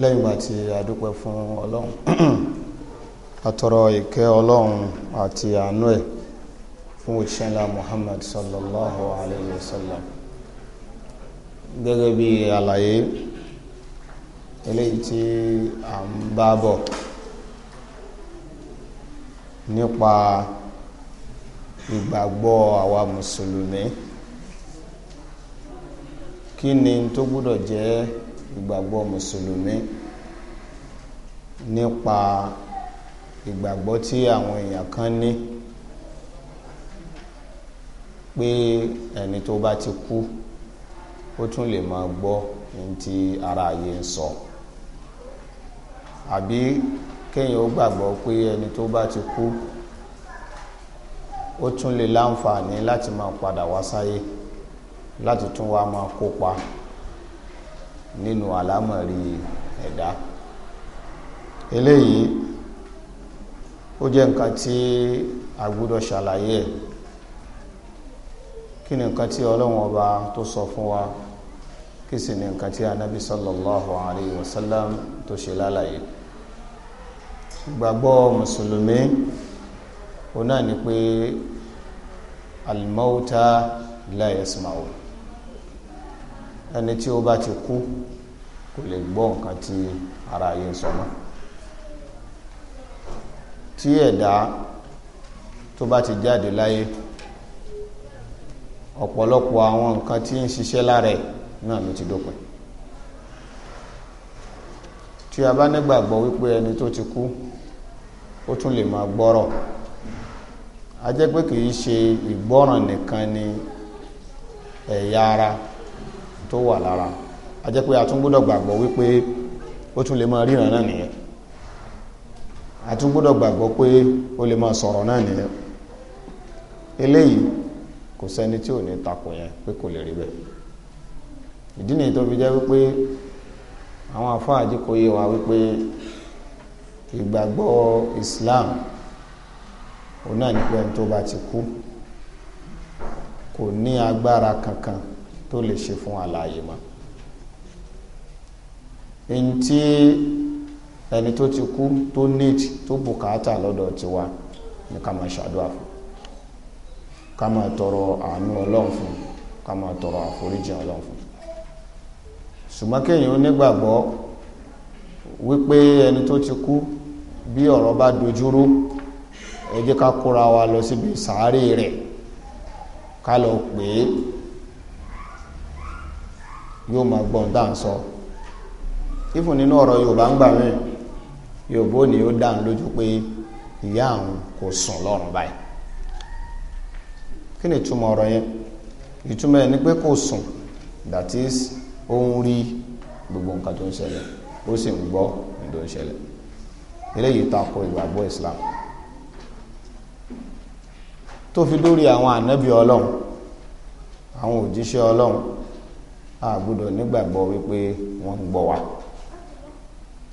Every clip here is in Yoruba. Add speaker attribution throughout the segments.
Speaker 1: lẹ́yìn ìgbà tí a dúpẹ́ fún ọlọ́run àtọ̀rọ̀ ìkẹ́ ọlọ́run àti àánú ẹ̀ fún òṣìṣẹ́ Muhammad sallallahu alayhi wa sallam gẹ́gẹ́ bí àlàyé eléyìí tí a ń bá bọ̀ nípa ìgbàgbọ́ àwa mùsùlùmí kí ni tó gbọ́dọ̀ jẹ́ ìgbàgbọ́ mùsùlùmí nípa ìgbàgbọ́ tí àwọn èèyàn kan ní pé ẹni tó bá ti kú ó tún lè máa gbọ́ ní ti ara ayé ń sọ àbí kéèyàn ó gbàgbọ́ pé ẹni tó bá ti kú ó tún lè láǹfààní láti máa padà wá sáyé láti tún wá máa kópa nínú àlámọ̀rí ẹ̀dá eléyìí ó jẹ́ nǹkan tí a gbọ́dọ̀ ṣàlàyé ẹ̀ kí ni nǹkan tí ọlọ́run ọba tó sọ fún wa kí sì ni nǹkan tí anábì sallallahu alayhi wa sallam tó ṣe lálàyé ìgbàgbọ́ mùsùlùmí ó náà ni pé almauta la ẹni tí ó bá ti kú kò lè gbọ́ nǹkan tí ara yẹn sọ mọ́ tí ẹ̀dá tó bá ti jáde láyé ọ̀pọ̀lọpọ̀ àwọn nǹkan tí ń ṣiṣẹ́ lára ẹ̀ náà ló ti dópin tí a bá nígbàgbọ́ wípé ẹni tó ti kú ó tún lè máa gbọ́rọ̀ a jẹ́ pé kì í ṣe ìgbọ́ràn nìkan ni ẹ̀yà ara tó wà lára. La a jẹ́ pé a tún gbọ́dọ̀ gbàgbọ́ wípé ó tún lè máa ríran náà nìyẹn a tún gbọ́dọ̀ gbàgbọ́ pé ó lè máa sọ̀rọ̀ náà nìyẹn eléyìí kò sẹ́ni tí ò ní takò yẹn pé kò lè rí bẹ́ẹ̀ ìdí nìyí tó fi jẹ́ wípé àwọn àfáà jẹ́ wa wípé ìgbàgbọ́ Islam òun náà ní pé ẹni tó bá ti kú kò ní agbára kankan tó lè ṣe fún alààyè mọ́ ntí ẹni tó ti kú tó níìtì tó bùkátà lọ́dọ̀ tiwa ní ká máa ṣàdúrà fún ká máa tọrọ àánú ọlọ́run fún ká máa tọrọ àforíjì ọlọ́run fún ṣùgbọ́n kéèyàn ó wípé ẹni tó ti kú bí ọ̀rọ̀ bá dojúrú ẹ jẹ́ ká kóra wa lọ síbi sàárè rẹ̀ ká lọ pè é yóò máa gbọ́n dáhùn sọ. So ìfún nínú ọ̀rọ̀ Yorùbá ń gbà mí Yorùbá ni ó dáhùn lójú pé ìyá àwọn kò sùn lọ́rùn báyìí kí ni ìtumọ̀ ọ̀rọ̀ yẹn ìtumọ̀ ẹ̀ ni pé kò sùn that is ó ń rí gbogbo nǹkan tó ń ṣẹlẹ̀ ó sì ń gbọ́ nǹkan tó ń ṣẹlẹ̀ eléyìí tako ìgbàgbọ́ Islam tó fi dórí àwọn ànábì Ọlọ́run àwọn òjíṣẹ́ Ọlọ́run a gbọ́dọ̀ nígbàgbọ́ wípé wọ́n ń wa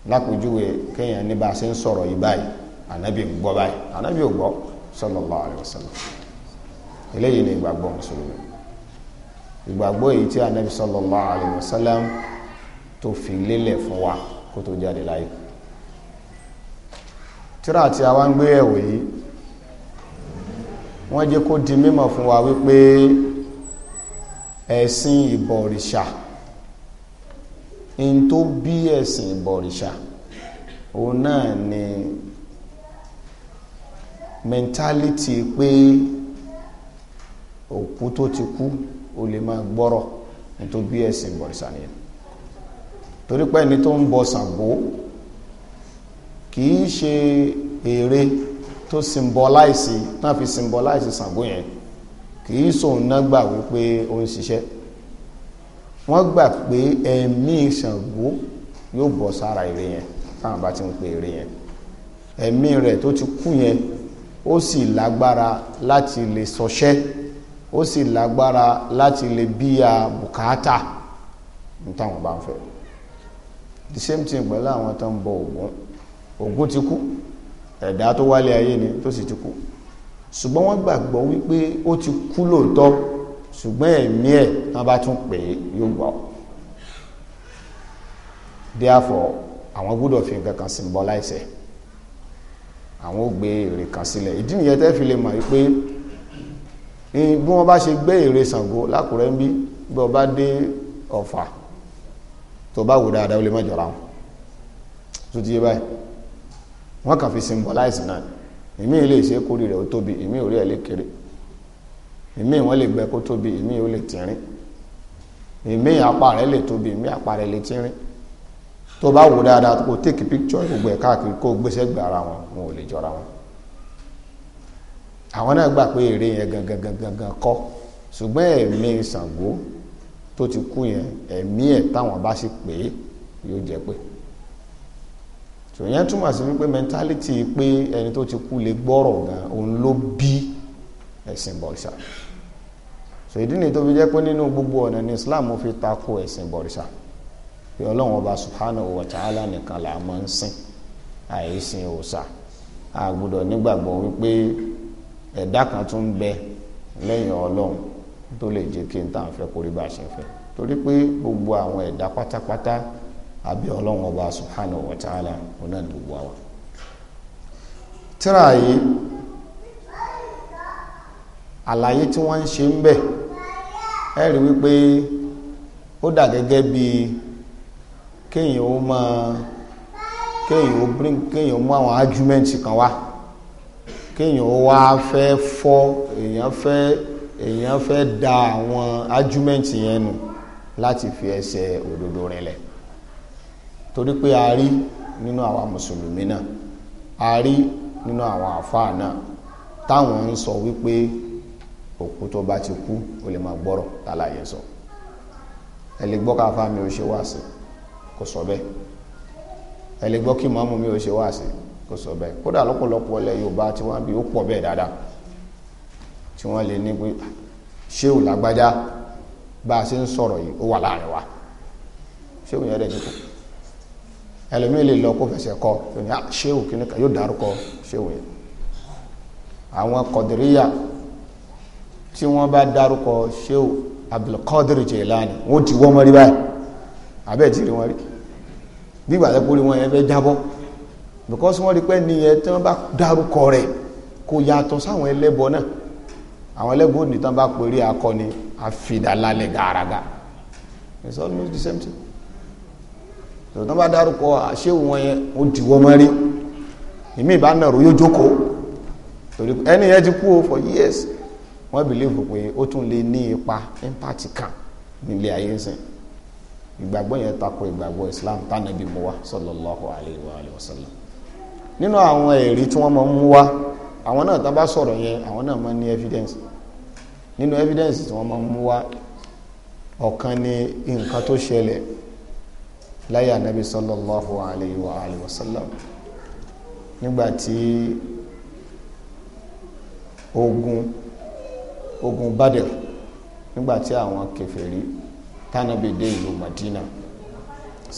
Speaker 1: lápèjúwe kéèyàn ní bá a ṣe ń sọ̀rọ̀ yìí báyìí ànábì ń gbọ́ báyìí ànábì ò gbọ́ sallallahu alaihi wasallam eléyìí ni ìgbàgbọ́ mùsùlùmí ìgbàgbọ́ èyí tí ànábì sallallahu alaihi wasallam tó fi lélẹ̀ fún wa kó tó jáde láyé tíra àti àwa ń gbé ẹ̀wò yìí wọ́n jẹ́ kó di mímọ̀ fún wa wípé ẹ̀sìn ìbọ̀rìṣà e n tó bí ẹ̀sìn ìbọ̀rìṣà òun náà ni mentality pé òkú tó ti kú o lè máa gbọ́rọ̀ n tó bí ẹ̀sìn ìbọ̀rìṣà nìyẹn torí pé ẹni tó ń bọ Ṣàngó kì í ṣe ère tó symbolize náà fi symbolize Ṣàngó yẹn kì í sòun náà gbà wípé ó ń ṣiṣẹ́ wọ́n gbà pé ẹ̀mí Ṣàngó yóò bọ́ sára ère yẹn táwọn bá ti ń pe ère yẹn ẹ̀mí rẹ̀ tó ti kú yẹn ó sì lágbára láti lè sọṣẹ́ ó sì lágbára láti lè bíya bùkátà ní táwọn bá ń fẹ́ the same thing pẹ̀lú àwọn tó ń bọ Ògún Ògún ti kú ẹ̀dá tó wálé ayé ni tó sì ti kú ṣùgbọ́n wọ́n gbàgbọ́ wípé ó ti kú lóòótọ́ ṣùgbọ́n ẹ̀mí ẹ̀ wọ́n bá tún pè é yóò gbọ́ therefore àwọn gbọ́dọ̀ fi nǹkan kan symbolize ẹ̀ àwọn ó gbé èrè kan sílẹ̀ ìdí nìyẹn tẹ́ fi lè mọ̀ wípé bí wọ́n bá ṣe gbé èrè Ṣàngó lákùrẹ́ ń bí bí wọ́n bá dé Ọ̀fà tó bá wò dáadáa ó lè má jọra wọn tó ti yé báyìí wọ́n kàn fi symbolize náà ìmí ilé ìṣe kórìí rẹ̀ ó tóbi ìmí orí ẹ̀ lè kéré ìmí wọn lè gbẹ kó tóbi ìmí ó lè tínrín ìmí apá rẹ̀ lè tóbi ìmí apá rẹ̀ lè tínrín tó bá wò dáadáa kó take picture gbogbo ẹ̀ káàkiri kó gbéṣẹ́ gbà ara wọn wọn ò lè jọra wọn àwọn náà gbà pé ère yẹn gangan gangan gan kọ́ ṣùgbọ́n ẹ̀mí Ṣàngó tó ti kú yẹn ẹ̀mí ẹ̀ táwọn bá sì pé yóò jẹ́ pé tòyẹn túmọ̀ sí wípé mentality pé ẹni tó ti kú lè gbọ́rọ̀ gan òun ló bí ẹ̀sìn bọ̀ṣà so ìdí ni tó fi jẹ́ pé nínú gbogbo ọ̀nà ní Islam fi tako ẹ̀sìn bọ̀rìṣà pé ọlọ́run ọba subhanahu wa ta'ala nìkan là máa ń sìn àìsìn òòṣà a gbọ́dọ̀ nígbàgbọ́ wípé ẹ̀dá kan tún bẹ lẹ́yìn ọlọ́run tó lè jẹ́ kí n tàn fẹ́ kórí bá a ṣe fẹ́ torí pé gbogbo àwọn ẹ̀dá pátápátá àbí ọlọ́run ọba subhanahu wa ta'ala ọ̀nà gbogbo àwọn. tíra yìí àlàyé tí wọ́n ń ṣe ń bẹ ẹ rí wípé ó dà gẹ́gẹ́ bí kéèyàn ó máa kéèyàn ó bring kéèyàn mú àwọn argument kan wá kéèyàn ó wá fẹ́ fọ́ èèyàn fẹ́ èèyàn fẹ́ da àwọn argument yẹn nù láti fi ẹsẹ̀ òdodo rinlẹ̀ torí pé a rí nínú àwa mùsùlùmí náà a rí nínú àwọn àfáà náà táwọn ń sọ wípé òkú tó bá ti kú ó lè máa gbọ́rọ̀ tàlàyé sọ ẹ lè gbọ́ káfa mi ò ṣe wáàsí kò sọ bẹ́ẹ̀ ẹ lè gbọ́ kí màmú mi ò ṣe wáàsí kò sọ bẹ́ẹ̀ kódà lọ́pọ̀lọpọ̀ ilẹ̀ Yorùbá tí wọ́n bí ó pọ̀ bẹ́ẹ̀ dáadáa tí wọ́n lè ní pé ah, ṣéwù lágbájá bá a ṣe ń sọ̀rọ̀ yìí ó wà láàrin wa ṣéwù yẹn dẹ̀ ti kú ẹlòmíì lè lọ kó fẹsẹ̀ kọ ah, ṣéwù kìnnìkan yóò dárúkọ ṣéwù yẹn àwọn kọ̀dìríyà tí wọ́n bá dárúkọ sheu abdulkadir jelani wọ́n ti wọ́n mọ́rí báyìí abẹ́ ti rí wọn rí bí ìgbà tẹ́kọ̀ọ́ rí wọn yẹn fẹ́ jábọ́ because wọ́n rí pé nìyẹn tí wọ́n bá dárúkọ rẹ̀ kò yàtọ̀ sáwọn ẹlẹ́bọ náà àwọn ẹlẹ́bọ ní tán bá pèrè akọni àfìdálálẹ̀ gàràgà it's almost the same thing tòtò bá dárúkọ àṣewò wọn yẹn ó dìwọ́ mọ́ rí ìmí ìbá náà rò yóò jókòó ẹni yẹn ti kú o for years wọ́n believe pé ó tún lè ní ipa impact kan nílé ayé ń sìn ìgbàgbọ́ yẹn tako ìgbàgbọ́ Islam tánàbí mu wá sallallahu alayhi wa alayhi wa sallam nínú àwọn ẹ̀rí tí wọ́n máa ń mú wá àwọn náà tá bá sọ̀rọ̀ yẹn àwọn náà máa ní evidence nínú evidence tí wọ́n máa ń mú wá ọ̀kan ni nǹkan tó ṣẹlẹ̀ láyé ànábì sallallahu alayhi wa alayhi wa sallam nígbà tí ogun ogun badr nígbàtí àwọn kèfèrí tánàbí dé ìlú madina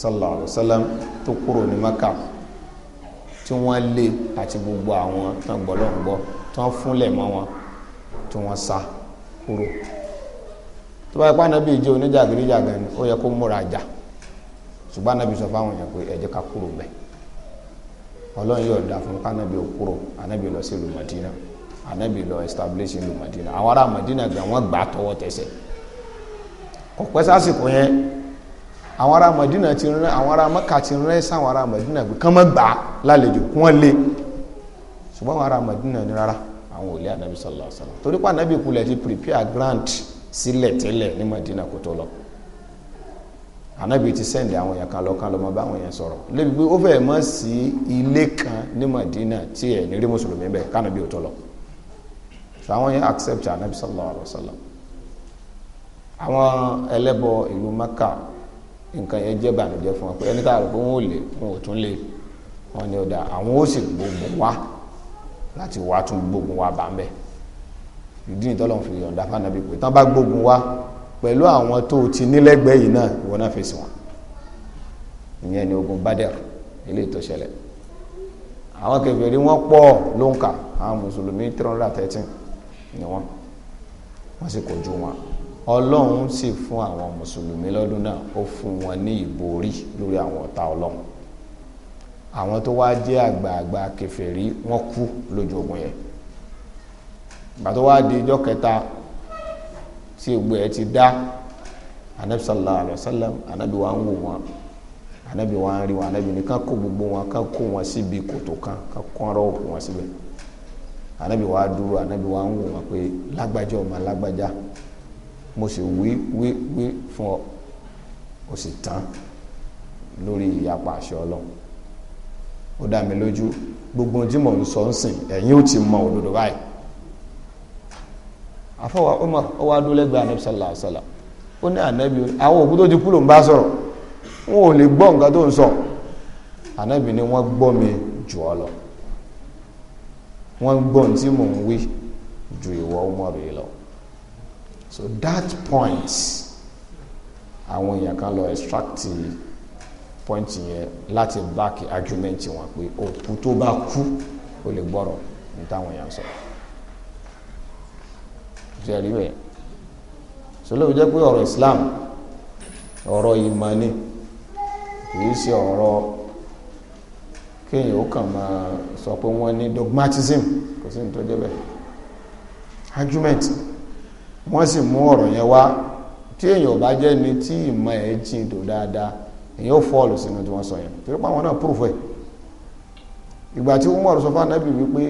Speaker 1: sallallahu alaihi wasallam tó kúrò ní maka tí wọ́n lé àti gbogbo àwọn tán gbọ́lọ́ngbọ́ tán fúnlẹ̀ mọ́ wọn tí wọ́n sá kúrò tó bá ipá nàbí ìjẹ́ oníjàgídíjàgan ó yẹ kó múra jà ṣùgbọ́n nàbí sọ fáwọn èèyàn pé ẹ jẹ́ ká kúrò bẹ́ẹ̀ ọlọ́run yóò dá fún kánábì ó kúrò ànábì lọ sí ìlú madina anabi lọ establish ìlú madina àwọn ará madina gan wọ́n gbà tọwọ́ tẹsẹ̀ kò pẹ́ sásìkò yẹn àwọn ará madina ti rán àwọn ará mẹ́ka ti rán sáwọn ará madina pé kán mọ́ gbà á lálejò kún wọn lé ṣùgbọ́n àwọn ará madina ní rárá àwọn ò lé anabi sallallahu alaihi wasallam torí pé anabi kulẹ̀ ti prepare grant sílẹ̀ tẹ́lẹ̀ ní madina kó tó lọ anabi ti sẹ́ndì àwọn èèyàn kan lọ kan lọ mọ bá àwọn èèyàn sọ̀rọ̀ lébi pé ó fẹ́ẹ̀ mọ́ sí ilé kan ní madina tí ní rí mùsùlùmí bẹ́ẹ̀ kánabi ò tó lọ so àwọn yẹn accept anabi sallallahu alayhi wa sallam àwọn ẹlẹ́bọ ìlú maka nǹkan yẹn jẹ́ bànújẹ́ fún wọn pé ẹni káàrọ̀ pé wọn ò lè wọn ò tún lè wọn ni ọ̀dà àwọn ó sì gbogbo wá láti wá tún gbogbo wá bá ń bẹ̀ ìdí ìtọ́lọ́run fi yọ̀ǹda fánabi pé tán bá gbogbo wá pẹ̀lú àwọn tó ti nílẹ́gbẹ̀ẹ́ yìí náà ìwọ náà fèsì wọn ìyẹn ni ogun badr eléyìí tó ṣẹlẹ̀ àwọn kèfèrí wọn pọ̀ ló ń kà àwọn mùsùlùmí three hundred and thirteen ni wọ́n wọ́n sì kojú wọn ọlọ́run sì fún àwọn mùsùlùmí lọ́dún náà ó fún wọn ní ìborí lórí àwọn ọ̀tá ọlọ́run àwọn tó wá jẹ́ àgbààgbà kèfèrí wọ́n kú lójú ogun yẹn ìgbà tó wá di ijọ́ kẹta tí egbò ẹ ti dá anabi sallallahu alayhi wa sallam anabi wa ń wò wọn anabi wa ń rí wọn anabi ní ká kó gbogbo wọn ká kó wọn síbi kòtò kan ká kó ọ̀rọ̀ òkú wọn síbẹ̀. Si anabi wa dúró anabi wa ń wò wọn pé lágbájá ọmọ lágbájá mo sì wí wí wí fún ọ o sì tán lórí ìyapa àṣẹ Ọlọ́run ó dá mi lójú gbogbo ohun tí mò ń sọ ń sìn ẹ̀yin ò ti mọ òdodo báyìí afọwà Umar ọwọ adúlẹgbẹ anabi sallallahu alaihi wasallam ó ní anabi àwọn òkú tó ti kú ló ń bá sọ̀rọ̀ wọn ò lè gbọ́ nǹkan tó ń sọ anabi ni wọ́n gbọ́ mi jù ọ lọ wọ́n gbọ́n tí mò ń wí ju ìwọ Umaru yìí lọ so that point àwọn èèyàn kan lọ extract point yẹn láti back argument wọn pé òkú tó bá kú ó lè gbọ́rọ̀ ní táwọn èèyàn sọ ṣe rí bẹ́ẹ̀ sọlọ́ọ̀ jẹ́ pé ọ̀rọ̀ Islam ọ̀rọ̀ ìmọ̀ ni kì í ṣe ọ̀rọ̀ kéèyàn ó kàn máa sọ pé wọ́n ní dogmatism kò sí ní tó jẹ́ bẹ́ẹ̀ argument wọ́n sì mú ọ̀rọ̀ yẹn wá tí èèyàn ò bá jẹ́ ni tí ìmọ̀ ẹ̀ jìn tó dáadáa èèyàn ó fọ́ọ̀lù sínú tí wọ́n sọ yẹn torí pé àwọn náà proof ẹ̀ ìgbà tí Umar sọ fún anábì wípé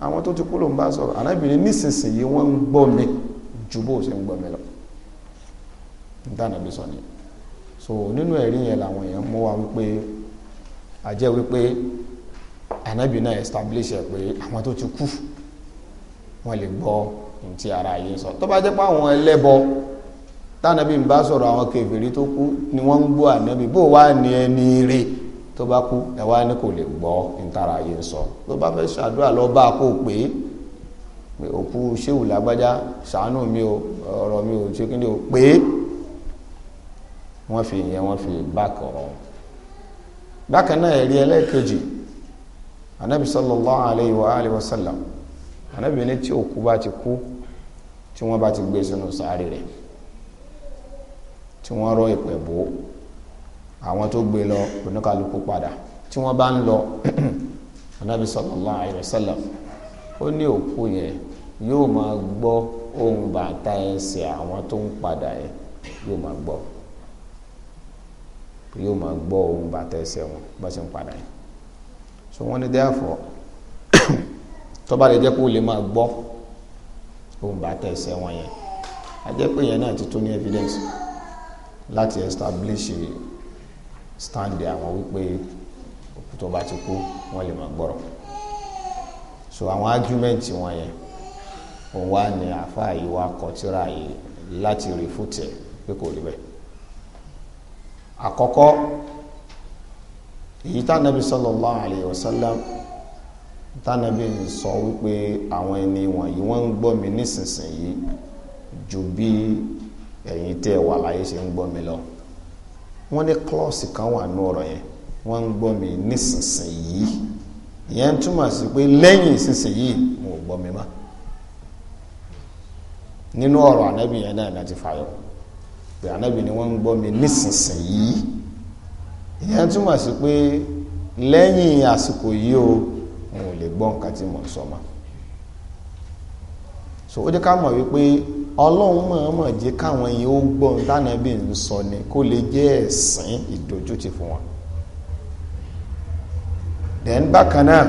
Speaker 1: àwọn tó ti kú ló ń bá sọ̀rọ̀ anábì ní nísinsìnyí wọ́n ń gbọ́ mi ju bó ṣe ń gbọ́ mi lọ nítorí sọ ni so nínú ẹ̀rí yẹn làwọn èèyàn mú wa wípé àjẹ́ wípé ànábì náà establish ẹ̀ pé àwọn tó ti kú wọ́n lè gbọ́ ohun tí ara yìí sọ tó bá jẹ́ pé àwọn ẹlẹ́bọ tánàbí ń bá sọ̀rọ̀ àwọn kèfèrí tó kú ni wọ́n ń gbọ́ ànábì bó wá ní ẹni rè tó bá kú ẹ wá ní kò lè gbọ́ ohun ara yìí sọ tó bá fẹ́ ṣàdúrà lọ bá a kó pé òkú ṣéwù lágbájá ṣàánú mi o ọ̀rọ̀ mi ò ṣe kí ni o pé wọ́n fi ìyẹn wọ́n fi báàkì ọ̀rọ̀ wọn bákan náà ẹ̀rí ẹlẹ́ẹ̀kejì anabi sallallahu alayhi wa alayhi wa sallam anabi ní tí òkú bá ti kú tí wọ́n bá ti gbé sínú sáré rẹ̀ tí wọ́n rọ ìpẹ̀ bò àwọn tó gbé lọ oníkàlùkù padà tí wọ́n bá ń lọ anabi sallallahu alayhi wa sallam ó ní òkú yẹn yóò máa gbọ́ ohùn bàtà ẹsẹ̀ àwọn tó ń padà yẹn yóò máa gbọ́ yóò máa gbọ́ ohun bàtà ẹsẹ̀ wọn bá ṣe ń padà yìí so wọ́n ní therefore tó bá lè jẹ́ pé ó lè máa gbọ́ ohun bàtà ẹsẹ̀ wọn yẹn a jẹ́ pé yẹn náà ti tó ní evidence láti establish stand àwọn wípé òkú tó bá ti kú wọ́n lè máa gbọ́rọ̀ so àwọn argument wọn yẹn òun wá ní àfáà yìí wá kọtíra yìí láti refute pé kò rí bẹ́ẹ̀. àkọ́kọ́ èyí tánàbí sallallahu alayhi wa sallam tánàbí sọ wípé àwọn ẹni wọ̀nyí wọ́n ń gbọ́ mi nísinsìnyí ju bí ẹ̀yin tẹ́ wà láyé ṣe ń gbọ́ mi lọ wọ́n ní klọ́ọ̀sì kan wà ní ọ̀rọ̀ yẹn wọ́n ń gbọ́ mi nísinsìnyí ìyẹn túmọ̀ sí pé lẹ́yìn ìsinsìnyí mo gbọ́ mi mọ́ nínú ọ̀rọ̀ ànábì yẹn náà láti fàyọ̀ pé anábì ni wọ́n ń gbọ́ mi nísinsìnyí ìyẹn túmọ̀ sí pé lẹ́yìn àsìkò yìí o n ò lè gbọ́ nǹkan tí mò ń sọ mọ́ so ó jẹ́ ká mọ̀ wípé ọlọ́run mọ̀ọ́mọ̀ jẹ́ káwọn yìí ó gbọ́ ohun tánàbì ń sọ ni kó lè jẹ́ ẹ̀sìn ìdójútì fún wọn then bákan náà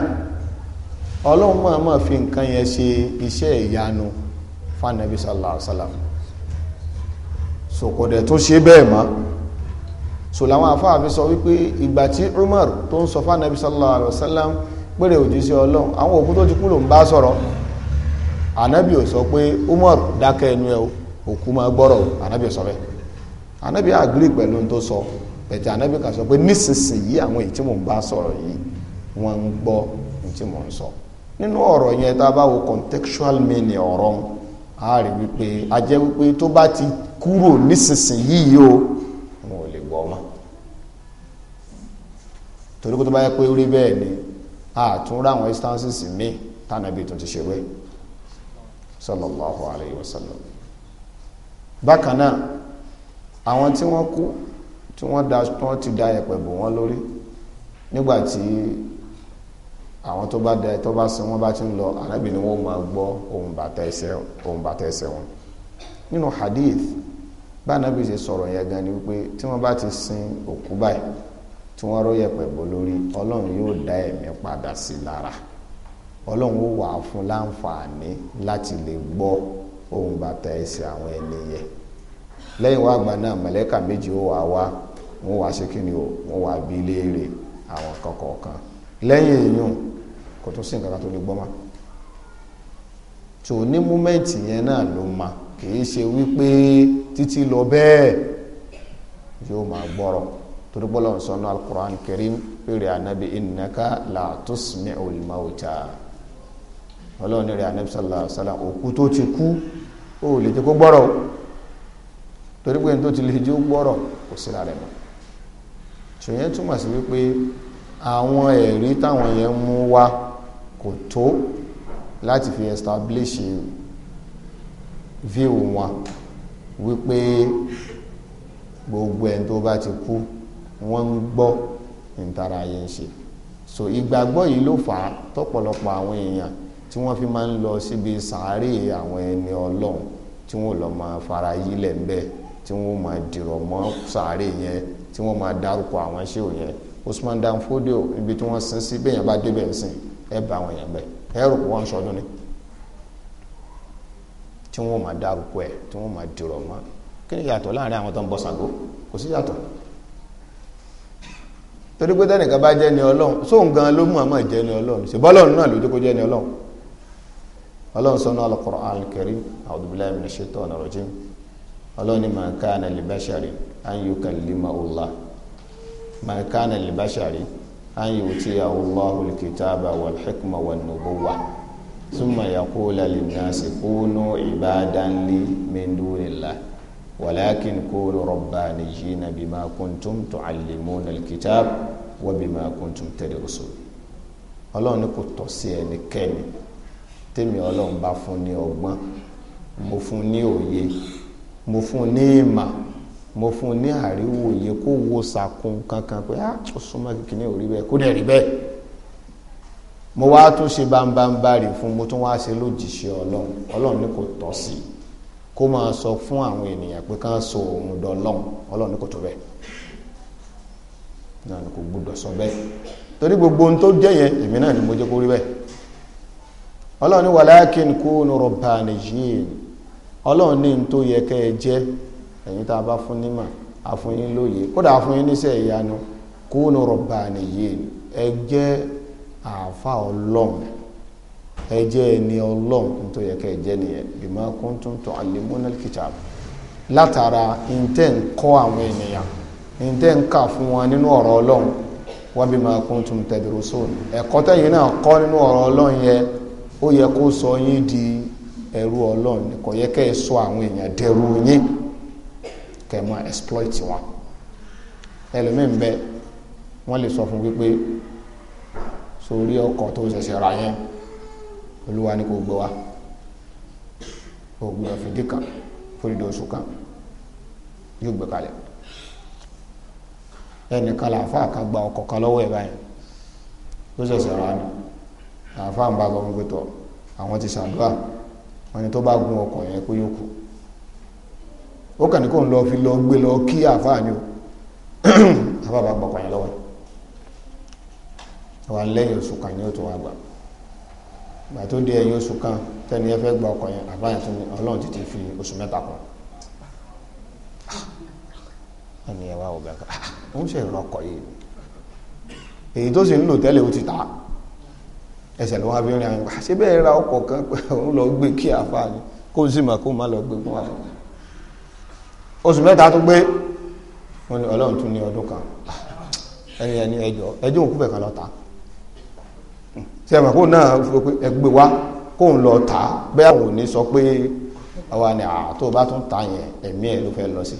Speaker 1: ọlọ́run mọ̀ọ́mọ̀ fi nǹkan yẹn ṣe iṣẹ́ ìyanu fanabi sallallahu alaihi wa sallam sòkòdẹ̀ tó ṣe bẹ́ẹ̀ mọ́ so làwọn afáàfin sọ wípé ìgbà tí Umar tó ń sọ fún anabi sallallahu alayhi wa sallam péré òjíṣẹ́ Ọlọ́run àwọn òkú tó ti kú ló ń bá sọ̀rọ̀ anabi ò sọ pé Umar dákẹ́ ẹnu ẹ òkú máa gbọ́rọ̀ anabi ò sọ bẹ́ẹ̀ anabi àgírí pẹ̀lú ohun tó sọ pẹ̀tẹ́ anabi kà sọ pé nísinsìnyí àwọn èyí tí mò ń bá sọ̀rọ̀ yìí wọ́n ń gbọ́ ohun tí mò ń sọ nínú ọ̀rọ̀ yẹn tá a bá wo contextual meaning ọ̀rọ̀ a rí wípé a jẹ́ wípé tó bá ti kúrò nísinsìnyí o wọn ò lè gbọ́ mọ́ torí kó tó bá yẹ pé orí bẹ́ẹ̀ ni àtúnrà àwọn instances míì tánàbí tó ti ṣèwé sallallahu alayhi wa sallam bákan náà àwọn tí wọ́n kú tí wọ́n da wọ́n ti da ẹ̀pẹ̀ bò wọ́n lórí nígbàtí àwọn tó bá da tó bá sin wọ́n bá ti ń lọ arábìnrin wọn máa gbọ́ ohun bàtà ẹsẹ̀ wọn nínú hadith bánabi ṣe sọ̀rọ̀ yẹn gan ni wípé tí wọ́n bá ti sin òkú báyìí tí wọ́n rọ́ yẹ̀pẹ̀ lórí ọlọ́run yóò dá ẹ̀mí padà sí lára ọlọ́run ó wà fún láǹfààní láti lè gbọ́ ohùn bàtà ẹsẹ̀ àwọn ẹni yẹn lẹ́yìn wá àgbà náà mọ̀lẹ́kà méjì ó wà wá wọ́n wá ṣe kí ni o wọ́n wá bí léèrè àwọn kọ̀ọ̀kan lẹ́yìn èèyàn kò tún sí nǹkan kan tó lè gbọ́ mọ́ tò ní múmẹ́ǹtì yẹn náà ló ma kì í ṣe wípé títí lọ bẹ́ẹ̀ yóò máa gbọ́rọ̀ torí bọ́lá ń sọnù alukur'an karim pèrè anabi innaka la tusmi'ul mauta ọlọ́run rẹ̀ anabi sallallahu alaihi wasallam òkú tó ti kú ó lè jẹ́ kó gbọ́rọ̀ o torí pé tó ti lè jẹ́ ó gbọ́rọ̀ kò sí lára ẹ̀ mọ́ ṣòyẹn túmọ̀ sí wípé àwọn ẹ̀rí táwọn yẹn mú wá kò tó láti fi establish view wọn wípé gbogbo ẹni tó bá ti kú wọ́n ń gbọ́ ìtara ayé ń ṣe so ìgbàgbọ́ yìí ló fà á tọ́pọ̀lọpọ̀ àwọn èèyàn tí wọ́n fi máa ń lọ síbi sàárè àwọn ẹni ọlọ́run tí wọ́n lọ máa fara yílẹ̀ ń bẹ́ẹ̀ tí wọ́n máa dìrọ̀ mọ́ sàárè yẹn tí wọ́n máa dárúkọ àwọn ṣé ò yẹn Usman Dan Fodio ibi tí wọ́n sin sí bẹ́ẹ̀ yẹn bá débẹ̀ sìn ẹ bá àwọn èèyàn bẹ́ẹ̀ ẹ rò pé wọ́n ń sọdún ni tí wọ́n máa dárúkọ ẹ̀ tí wọ́n máa dìrọ̀ mọ́ kí ni yàtọ̀ láàrin àwọn tó ń bọ Ṣàngó kò sí yàtọ̀ torí pé tẹ́nìkan bá jẹ́ ni ọlọ́run sóun gan ló mú àmọ́ jẹ́ ni ọlọ́run ṣùgbọ́n ọlọ́run náà ló dúkọ́ jẹ́ ni ọlọ́run ọlọ́run sọ́nà al-Qur'an al-Karim a'udhu billahi minash ni ma kana li bashari an yukallimahu Allah ma kana li bashari an yu'tiyahu Allahu al-kitaba wal ثم يقول للناس كونوا عبادا لي من دون الله ولكن كونوا ربانيين بما كنتم تعلمون الكتاب وبما كنتم تدرسون ọlọ́run ní kò tọ́ sí ẹnikẹ́ni tèmi ọlọ́run bá fún ní ọgbọ́n mo fún ní òye mo fún ní ìmọ̀ mo fún ní àríwòye kó wo sàkún kankan pé ah ó súnmọ́ kékeré ò rí bẹ́ẹ̀ kó dẹ̀ rí bẹ́ẹ̀ mo wá tún ṣe bámbámbárì fún mo tún wá ṣe lójìṣẹ́ ọlọ́run ọlọ́run ní kò tọ́ sí kó máa sọ fún àwọn ènìyàn pé ká sọ òun dọlọ́run ọlọ́run ní kò tó bẹ́ẹ̀ náà ni kò gbúdọ̀ sọ bẹ torí gbogbo ohun tó jẹ́ yẹn èmi náà ni mo jẹ́ kó rí bẹ́ẹ̀ ọlọ́run ní walakin kunu rabbaniyyin ọlọ́run ní n tó yẹ kẹ́ ẹ jẹ́ ẹ̀yin tá a bá fún nímọ̀ àfún yín lóye kódà àfún yín níṣẹ́ ìyanu kunu rabbaniyyin ẹ jẹ́ àáfà ọlọ́run ẹ jẹ́ ẹni ọlọ́run tó yẹ kẹ́ ẹ jẹ́ nìyẹn bima kuntum tu'allimuna al-kitab látara ntẹ́ ń kọ́ àwọn ènìyàn ntẹ́ ń kà fún wọn nínú ọ̀rọ̀ ọlọ́run wa bima kuntum tadrusun ẹ̀kọ́ tẹ́yìn náà kọ́ nínú ọ̀rọ̀ yẹ ó yẹ kó sọ yín di ẹrú ọlọ́run kò yẹ kẹ́ ẹ sọ àwọn èèyàn dẹrú yín exploit wọn ẹlòmíín wọ́n lè sọ fún sórí ọkọ̀ tó ṣẹ̀ṣẹ̀ ra yẹn olúwa ni kò gbé wa kò gbé ọ̀fìdí kan fúrídìí oṣù kan yóò gbé kalẹ̀ ẹnìkan làáfà kan gba ọkọ̀ kan lọ́wọ́ ẹ̀ báyìí tó ṣẹ̀ṣẹ̀ ra ni làáfà ń bá a gbọmọ pé àwọn ti ṣàdúrà wọn ni tó bá gun ọkọ̀ yẹn kó yóò ó kàn ní kò ń lọ fi lọ gbé lọ kí àáfà ni o àáfà bá gbọkọ̀ yẹn lọ́wọ́ yìí wà lẹ́yìn oṣù kan ní ó tó wà gbà gbà tó di ẹ̀yìn oṣù kan tẹ́ni ẹ fẹ́ gba ọkọ̀ yẹn àbáyà tó ní ọlọ́run ti ti fi oṣù mẹ́ta kan ẹni ẹ wá ọ̀gá kan ah, ó ń ṣe ìrọ̀kọ̀ yìí èyí tó sì ń lò tẹ́lẹ̀ ó ti ta ẹsẹ̀ ló wá bí rìn àwọn àṣẹ ah, ra ọkọ̀ kan pé òun lọ gbé kí àfa ni kó sì mà kó má lọ gbé fún àfa oṣù mẹ́ta tó gbé wọn ni ọlọ́run tún ní ọdún kan ah, ẹni ẹni ẹjọ́ ẹjọ́ òkú bẹ̀ kan lọ́ta tí ẹ mọ̀ kó náà ẹgbẹ́ wa kó ń lọ tà á bẹ́ẹ̀ àwọn ò ní sọ pé àwa ni àtó bá tún ta yẹn ẹ̀mí ẹ̀ ló fẹ́ lọ sí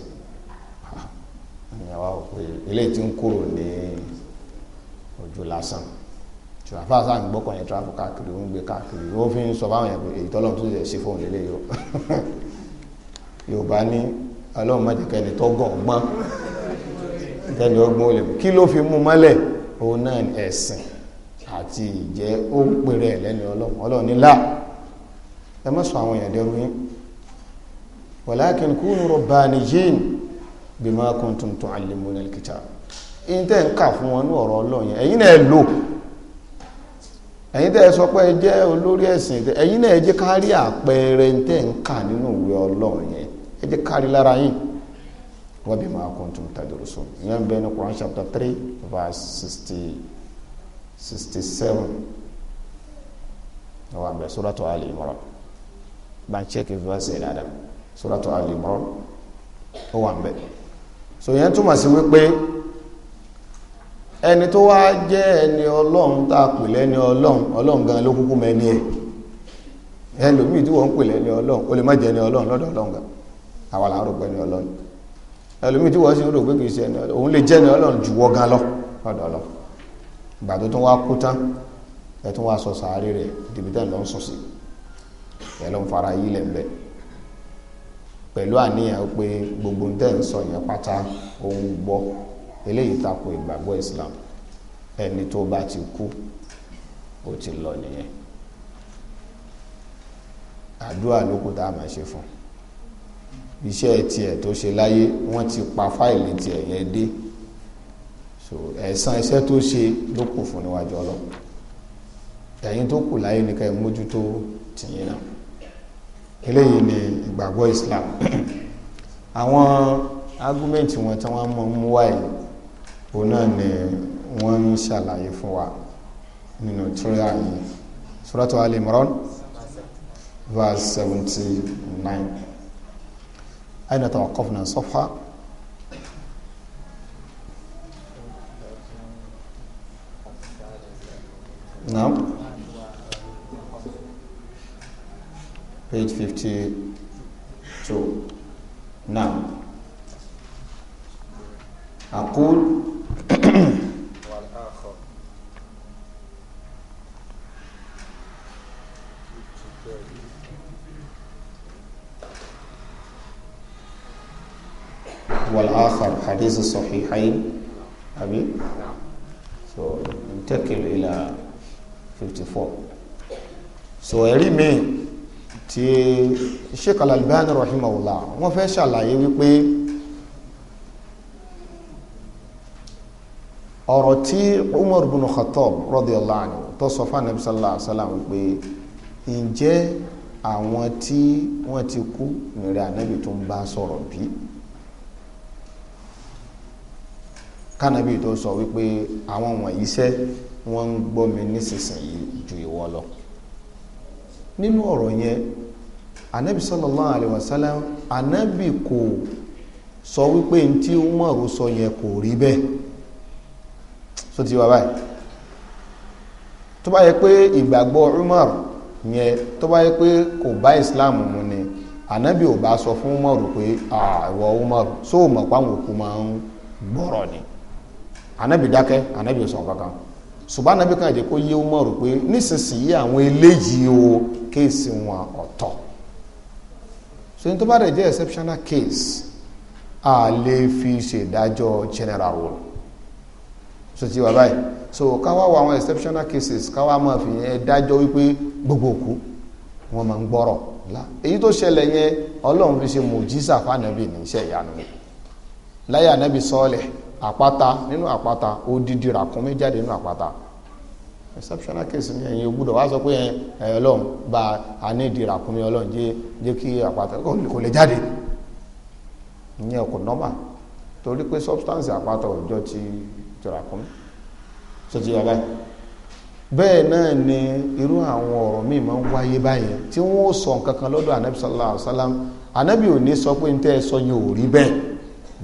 Speaker 1: àwa ò pé eléyìí ti ń kúrò ní ojú lásán tìrafà sáà ń gbọ́kàn yẹn tìrafà káàkiri ó ń gbé káàkiri ó fi ń sọ fáwọn yẹn pé èyí tọ́lọ́ tó ṣe sí fóun lélẹ́yìí o yorùbá ní ọlọ́run má jẹ́ kẹ́ni tó gàn gbọ́n kẹ́ni ọgbọ́n olè kí ló fi mú mọ́lẹ̀ òun náà ẹ̀sìn àti ìjẹ́ ó ń pèrè lẹ́ni ọlọ́run ọlọ́run nílá ẹ má sọ àwọn èèyàn dẹrú yín walakin kunu rabbaniyin bima kuntum tuallimuna alkitab in tẹ́ ń kà fún wọn ní ọ̀rọ̀ ọlọ́run ẹ̀yin náà lò ẹ̀yin tẹ́ sọ pé ẹ jẹ́ olórí ẹ̀sìn ẹ̀yin náà jẹ́ kárí àpẹẹrẹ tẹ́ ń kà nínú ìwé ọlọ́run yẹn ẹ jẹ́ kárí lára yín wa bima kuntum tadrusun ìyẹn bẹ́ẹ̀ ní Quran chapter verse sixty sixty seven wà bẹ suratu ali imran bá ń check verse yẹn dáadáa suratu ali imran ó wà bẹ so yẹn túmọ̀ sí wípé ẹni tó wá jẹ́ ẹni ọlọ́run tá a pè lẹ́ni ọlọ́run ọlọ́run gan ló kúkú mẹ́ni ẹ̀ ẹlòmíì tí wọ́n ń pè lẹ́ni ọlọ́run ó lè má jẹ́ ẹni ọlọ́run lọ́dọ̀ ọlọ́run gan àwa làwọn rò pé ẹni ọlọ́run ẹlòmíì tí wọ́n sì ń rò pé kì í ṣe ẹni ọlọ́run òun lè jẹ́ ẹni ọlọ́run jù wọ́ gan lọ lọ́dọ̀ ọlọ́run ìgbà tó tún wá kú tán ẹ tún wá sọ sàárè rẹ̀ dìbí tẹ́ lọ ń sùn sí ẹ ló ń fara yí lẹ̀ ń bẹ̀ pẹ̀lú àníyàn pé gbogbo tẹ́ ń sọ yẹn pátá òun gbọ́ eléyìí tako ìgbàgbọ́ Islam ẹni tó bá ti kú ó ti lọ nìyẹn àdúrà ló kù tá a máa ṣe fún iṣẹ́ tiẹ̀ tó ṣe láyé wọ́n ti pa fáìlì tiẹ̀ yẹn dé so ẹ̀san iṣẹ́ tó ṣe ló kù fún níwájú ọlọ́run ẹ̀yin tó kù láyé ní ká ẹ mójútó tìyín náà eléyìí ni ìgbàgbọ́ Islam àwọn argument wọn tí wọ́n mọ̀ ń wá yìí òun náà ni wọ́n ń ṣàlàyé fún wa nínú tíríà yìí Suratu Ali Imran verse seventy nine aina tawakofna safha. نعم page 52 نعم أقول والآخر والآخر حديث الصحيحين أبي so, ننتقل إلى 54 so ẹ̀rí mi ti Sheikh Al-Albani rahimahullah wọ́n fẹ́ ṣàlàyé wípé ọ̀rọ̀ tí Umar bin Khattab radiyallahu anhu tó sọ fún Ànábì sallallahu alaihi wasallam wípé ǹjẹ́ àwọn tí wọ́n ti kú nìrẹ́ Ànábì tó ń bá sọ̀rọ̀ bí kánàbì tó sọ wípé àwọn wọ̀nyí sẹ́ wọ́n ń gbọ́ mi nísinsìnyí ju ìwọ lọ nínú ọ̀rọ̀ yẹn anabi sallallahu alayhi wa sallam anabi kò sọ wípé n tí umaru sọ yẹn kò rí bẹ́ẹ̀ so ti wá báyìí tó bá yẹ pé ìgbàgbọ́ umaru yẹn tó bá yẹ pé kò bá islam mu ni anabi ò bá sọ fún umaru pé àwọ umaru so mọ̀ pàwọn òkú máa ń gbọ́rọ̀ ni anabi dákẹ́ anabi ò sọ kankan ṣùgbọ́n anabi kan jẹ́ kó yé Umar pé nísinsìnyí àwọn eléyìí o kéèsì wọn ọ̀tọ̀ so ní tó bá rẹ̀ jẹ́ exceptional case a lè fi ṣèdájọ́ general rule so ti wà báyìí so káwá wọ àwọn exceptional cases káwá máa fi yẹn dájọ́ wípé gbogbo òkú wọn máa ń gbọ́rọ̀ la èyí tó ṣẹlẹ̀ yẹn ọlọ́run fi ṣe mùjísà fún anabi ní iṣẹ́ ìyanu láyé anabi sọ́ọ̀lẹ̀ àpáta nínú àpáta odidi ràkúnmí jáde nínú àpáta exceptional case ni ẹ̀yin gbọ́dọ̀ wá sọ pé ẹ ọlọ́run bá a ní ìdí ràkúnmí ọlọ́run jẹ́ kí àpáta kò lè jáde ìyẹn kò normal torí pé substance àpáta òjò ti ràkúnmí tó ti yọ bẹ́ẹ̀ náà ni irú àwọn ọ̀rọ̀ míì máa ń tí sọ nǹkan kan anabi sallallahu wa anabi ò ní sọ pé n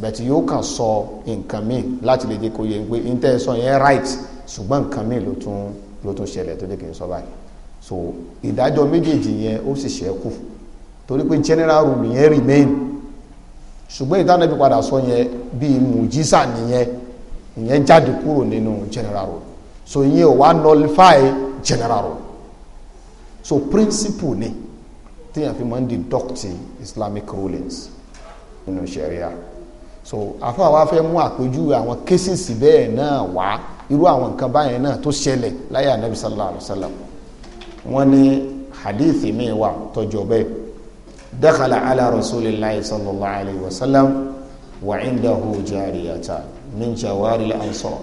Speaker 1: bẹ̀tì yóò kàn sọ nǹkan míì láti lè jẹ́ kó yẹ pé n tẹ́ ẹ sọ yẹn right ṣùgbọ́n nǹkan míì ló tún ló tún ṣẹlẹ̀ tó lè kì í sọ báyìí so ìdájọ́ méjèèjì yẹn ó sì ṣẹ́kù torí pé general rule yẹn remain ṣùgbọ́n ìtànàbí padà sọ yẹn bíi mùjísà nìyẹn ìyẹn jáde kúrò nínú general rule so ìyẹn ò wá nullify general rule so principle ni téèyàn fi máa ń deduct islamic rulings nínú sharia. No so àfa wa fẹ́ mú àpèjúwe àwọn kéṣìṣì bẹ́ẹ̀ náà wá irú àwọn nǹkan báyẹn náà tó ṣẹlẹ̀ láyé anabi sallallahu alayhi wa sallam wọ́n ní hadithi mi wà tọjọ bẹ́ẹ̀ dakhala ala rasulillahi sallallahu alayhi wa sallam wa indahu jariyata min jawari al-ansar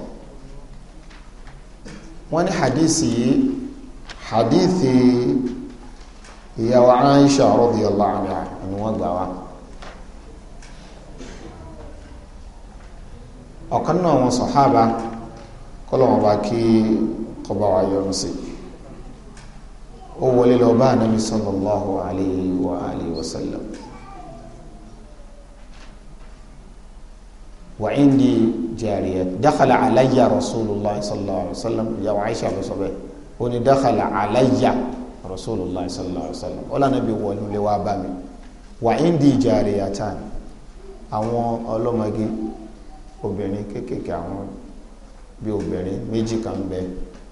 Speaker 1: wọ́n ní hadithi yìí hadithi ìyàwó aisha radiyallahu ni wọ́n gbà wá. ọ̀kan náà wọn sọ̀hábà kọ́lọ̀wọ̀n bá kí kọba wa yọrùn sí ó wọlé lọ bá ànábi sallallahu alayhi wa alayhi wa sallam wa indi jariya dakhala alayya rasulullah sallallahu alayhi wa sallam ya wa aisha ló sọ bẹ́ẹ̀ ó ní dakhala alayya rasulullah sallallahu alayhi wa sallam ó lànà bí wọlé lè wá bá mi wa indi jariyatan àwọn ọlọ́mọge obìnrin kéékèèké àwọn bí obìnrin méjì kan bẹ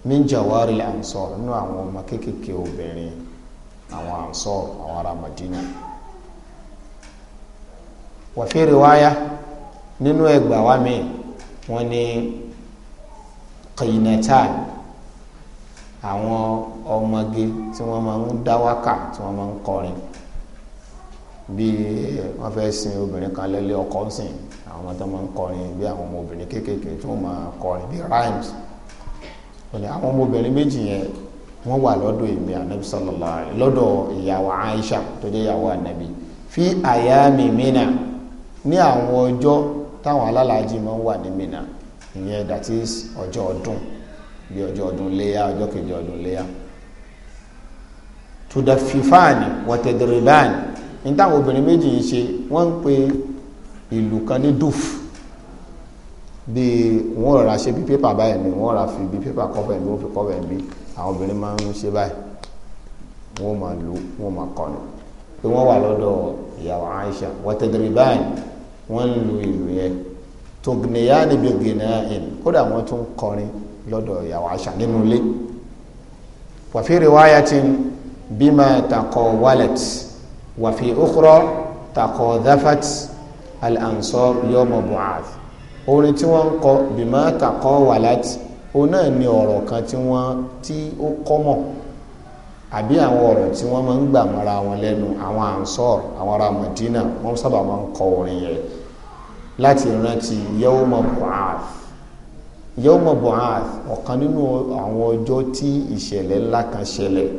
Speaker 1: minjawari ansor nínú àwọn ọmọ kéékèèké obìnrin àwọn ansor àwọn ará madina wa fi riwaya nínú ẹgbàá wa mi wọ́n ní qinatan àwọn ọmọge tí wọ́n máa ń dá wákà tí wọ́n máa ń kọrin bí wọ́n fẹ́ sin obìnrin kan ọkọ ń sìn àwọn tó máa ń kọrin bí àwọn ọmọbìnrin kéékèèké tó máa kọrin bí rhymes òní àwọn ọmọbìnrin méjì yẹn wọ́n wà lọ́dọ̀ èmi anabi sallallahu alayhi lọ́dọ̀ ìyàwó Aisha tó jẹ́ ìyàwó anabi fi àyàmì mina ní àwọn ọjọ́ táwọn alálàájì máa ń wà ní mina ìyẹn that is ọjọ́ ọdún bí ọjọ́ ọdún léyà ọjọ́ kejì ọdún léyà tudafifani wọtẹdẹrẹbani ní táwọn obìnrin méjì yìí ṣe wọ́n ń pe ìlú kan ní dúf bí wọ́n rọra ṣe bí pépà báyìí ni wọ́n rà fi bí pépà kọ́fẹ̀ ní wọ́n fi kọ́fẹ̀ bí àwọn obìnrin máa ń ṣe báyìí wọ́n máa lò wọ́n máa kọ́ni pé wọ́n wà lọ́dọ̀ ìyàwó Aisha wọ́tẹ́dẹ̀rẹ̀ báyìí wọ́n ń lu ìlú yẹn tògìnìyà níbi gìnìyàn kódà wọ́n tún kọrin lọ́dọ̀ ìyàwó Aisha nínú ilé wàfi riwaayatin bímà takọ̀ walet wàfi okoro takọ̀ dafat al-ansar yawma bu'ath orin tí wọ́n ń kọ bima taqawalat o náà ni ọ̀rọ̀ kan tí wọ́n tí ó kọ́mọ̀ àbí àwọn ọ̀rọ̀ tí wọ́n máa ń gbà mọ́ra wọn lẹ́nu àwọn ansar àwọn ará Madina wọ́n sábà máa ń kọ orin yẹn láti rántí yawma bu'ath yawma bu'ath ọ̀kan nínú àwọn ọjọ́ tí ìṣẹ̀lẹ̀ ńlá kan ṣẹlẹ̀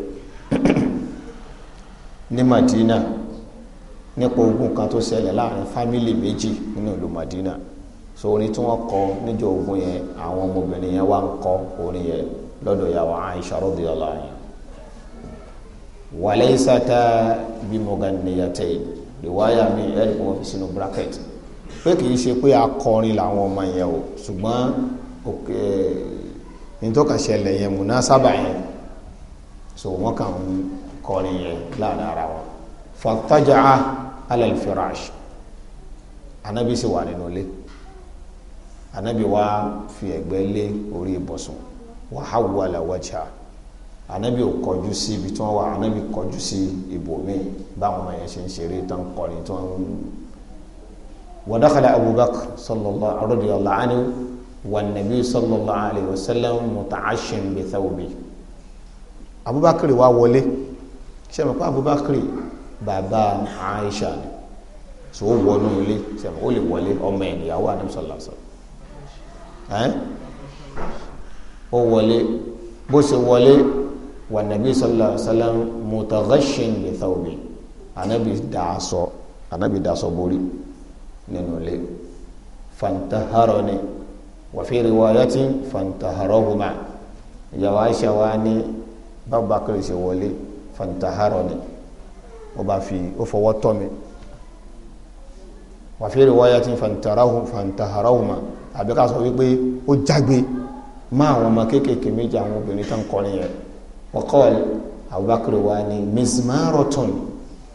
Speaker 1: ní Madina nípa ogun kan tó ṣẹlẹ̀ láàrin fámìlì méjì nínú ìlú Madina so orin tí wọ́n kọ níjọ ogun yẹn àwọn ọmọbìnrin yẹn wá ń kọ orin yẹn lọ́dọ̀ yàwó Aisha radiyallahu anha walaysata bimuganniyatain riwaya mi ẹ̀rí kò wọ́n fi sínú bracket pé kì í ṣe pé akọrin làwọn ọmọ yẹn o ṣùgbọ́n òkè nítòkà ṣẹlẹ̀ yẹn múnásábà yẹn so wọ́n kàn ń kọrin yẹn láàrin ara wọn fàtàjà alal firash anabi sì wà nínú ilé anabi wá fi ẹ̀gbẹ́ lé orí ibùsùn wa hawwala wajha anabi ò kọjú sí ibi tí wọ́n wà anabi kọjú sí ibòmíì báwọn ọmọ yẹn ṣe ń ṣeré tán kọrin tán wa dakhala abubakar sallallahu radiyallahu anhu wa nabi sallallahu alayhi wa sallam muta'ashin bi thawbi abubakar wá wọlé ṣe mọ̀ pé abubakar bàbá Aisha ni so ó wọnú ilé sẹ́fọ̀ ó lè wọlé ọmọ ẹ̀ níyàwó àdàmsọ̀làsọ̀ ẹ́n ó wọlé bó ṣe wọlé wà nàbí sọlọ́sọlọ́m mutaghashin bi thawbi anabi dàásọ anabi dàásọ borí nínú ilé fantaharani wa fi riwayatin fantaharahuma ìyàwó Aisha wa ní bàbá kiri ṣe wọlé fantaharani ó bá fi ó fọwọ́ tọ́ mi wa fi riwayatin fantaharahuma àbí ká sọ wípé ó jágbe má àwọn ọmọ kéékèèké méjì àwọn obìnrin tó ń kọrin yẹn wa qala Abubakar wa ni mizmaratun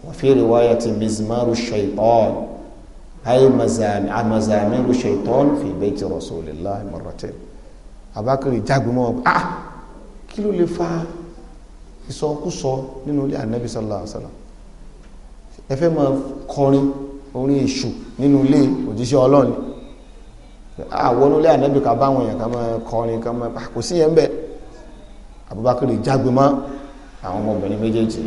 Speaker 1: wa fi riwayatin mizmaru shaitan ay mazamiru shaitan fi bayti rasulillah marratain Abubakar jágbe mọ́ ah kí ló lè fa ìsọkúsọ nínú ilé Ànábì sallallahu alaihi ẹ fẹ́ máa kọrin orin èṣù nínú ilé òjíṣẹ́ ọlọ́run àwọn onílé ànábì ká báwọn èèyàn ká máa kọrin ká máa kò sí yẹn bẹ́ẹ̀ Abubakar jágbe mọ́ àwọn ọmọbìnrin méjèèjì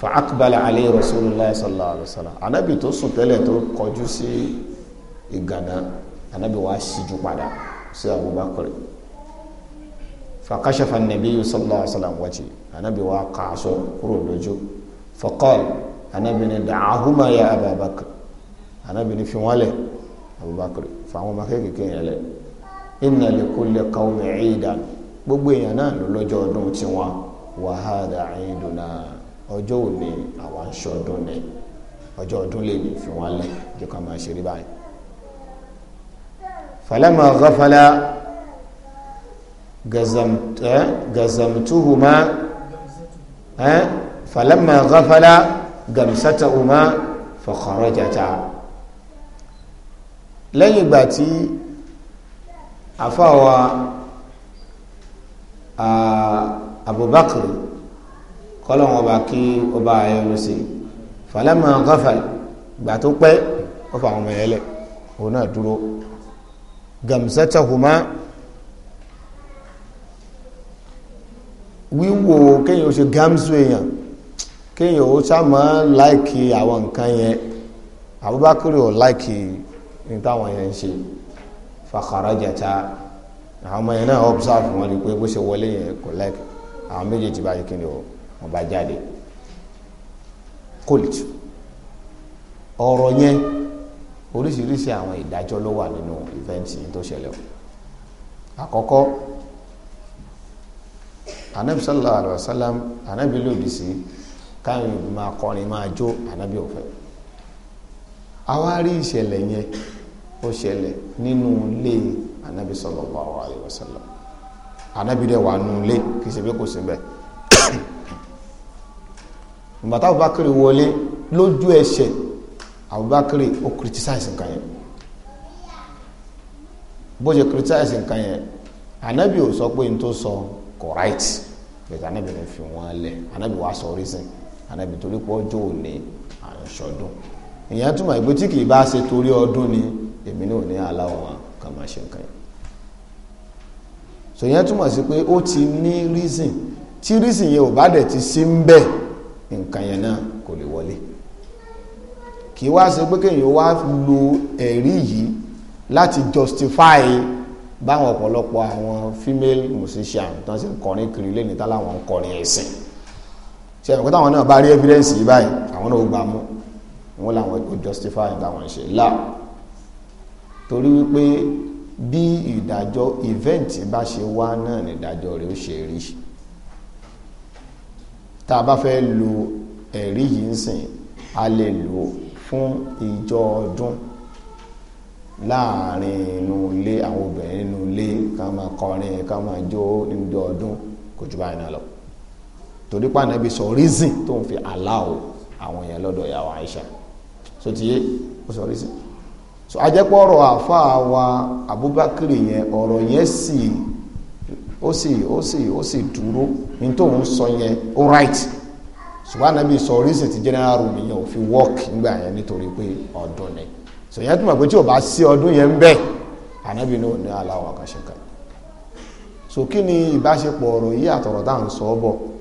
Speaker 1: fa akbala alayhi rasulillah sallallahu alayhi wa sallam ànábì tó sùn tẹ́lẹ̀ tó kọjú sí ìgànnà ànábì wàá ṣíjú padà sí Abubakar fakashafa nabi sallallahu alayhi wa sallam wájú ànábì wàá kà kúrò lójú faqala anabi ni dàáhùmá ya abubakar anabi ni fi wọn lẹ abubakar fàwọn ọmọ kékeré yẹn lẹ inna li kulli qawmi ìdá gbogbo èèyàn náà ló lọ́jọ́ ọdún tiwọn wa hadha ìdùnnà ọjọ́ òní àwọn aṣọ ọdún ni ọjọ́ ọdún lè ní fi wọn lẹ jẹ́ ká máa ṣe rí falama ghafala eh, gazamtuhuma eh, falama ghafala gàmsátàwùmá fọkànrọjàtà lẹ́yìn ìgbà tí àfàwà Abubakar kọlọ́wọ́n ọba kí ọba ayọ́nu sí falama gafal gbà tó pẹ́ ó fa àwọn ọmọ yẹn lẹ̀ òun náà dúró gàmsátàwùmá wíwò kéèyàn ó ṣe gámsù èèyàn kéèyàn ó sàmọ́ láìkì àwọn nǹkan yẹn Abubakar ò láìkì ní táwọn yẹn ń ṣe fàkàràjàta àwọn ọmọ yẹn náà observe wọn rí pé bó ṣe wọlé yẹn kò láìkì àwọn méjèèjì báyìí kí ni o wọn bá jáde colt ọ̀rọ̀ yẹn oríṣiríṣi àwọn ìdájọ́ ló wà nínú ìfẹǹsì tó ṣẹlẹ̀ o àkọ́kọ́ anabi sallallahu alayhi wa sallam anabi lòdì sí káwọn òbí máa kọrin máa jó ànábì òfẹ́ àwárí ìṣẹ̀lẹ̀ yẹn ó ṣẹlẹ̀ nínú ilé ànábì sallallahu alaihi wasallam ànábì dẹ̀ wà nù ilé kì í ṣe pé kò sí bẹ́ẹ̀ ìgbàtà Abubakar wọlé lójú ẹsẹ̀ Abubakar ó criticize nǹkan yẹn bó ṣe criticize nǹkan yẹn ànábì ò sọ pé n tó sọ kò right bẹ̀tẹ̀ ànábì rẹ̀ fi wọ́n lẹ̀ ànábì wàá sọ reason ànábì torí pé ọjọ́ òní àyọ̀ṣọ́dún ìyẹn túmọ̀ ìgbé tí kìí bá ṣe torí ọdún ni èmi náà ní aláwọ̀ kan nǹkan yẹn so ìyẹn túmọ̀ sí pé ó ti ní reason tí reason yẹn ò bá dẹ̀ ti sí ń bẹ̀ nǹkan yẹn náà kò lè wọlé kì í wá ṣe pé kéèyàn wá lo ẹ̀rí yìí láti justify báwọn ọ̀pọ̀lọpọ̀ àwọn female musician tán sì ń kọrin kiri lẹ́ni tá láwọn ń kọrin ẹ̀sìn ṣe àwọn táwọn náà bá rí evidence yìí báyìí àwọn náà ó gbà mú wọn làwọn kò justify táwọn ṣe là torí wípé bí ìdájọ́ event bá ṣe wá náà ní ìdájọ́ rẹ̀ ó ṣe rí tá a bá fẹ́ lo ẹ̀rí yìí ń sìn a lè lò fún ìjọ ọdún láàrin inú ilé àwọn obìnrin inú ilé ká máa kọrin ká máa jó níjọ ọdún kò jù báyìí náà lọ torí pa ànábì sọ reason tó ń fi allow àwọn yẹn lọ́dọ̀ ìyàwó Aisha so ti yé ó sọ reason so ajẹ́pọ̀ ọ̀rọ̀ àfáà wa Abubakar yẹn ọ̀rọ̀ yẹn sì ó sì ó sì ó sì dúró ní tóun sọ yẹn ó right ṣùgbọ́n ànábì sọ reason ti general room yẹn ò fi work nígbà yẹn nítorí pé ọdún ni so yẹn túmọ̀ pé tí o bá sí ọdún yẹn ń bẹ ànábì ní òní aláwọ̀ àkàṣe kan so kí ni ìbáṣepọ̀ ọ̀rọ̀ yìí àtọ̀rọ̀ tá sọ ọ́ bọ̀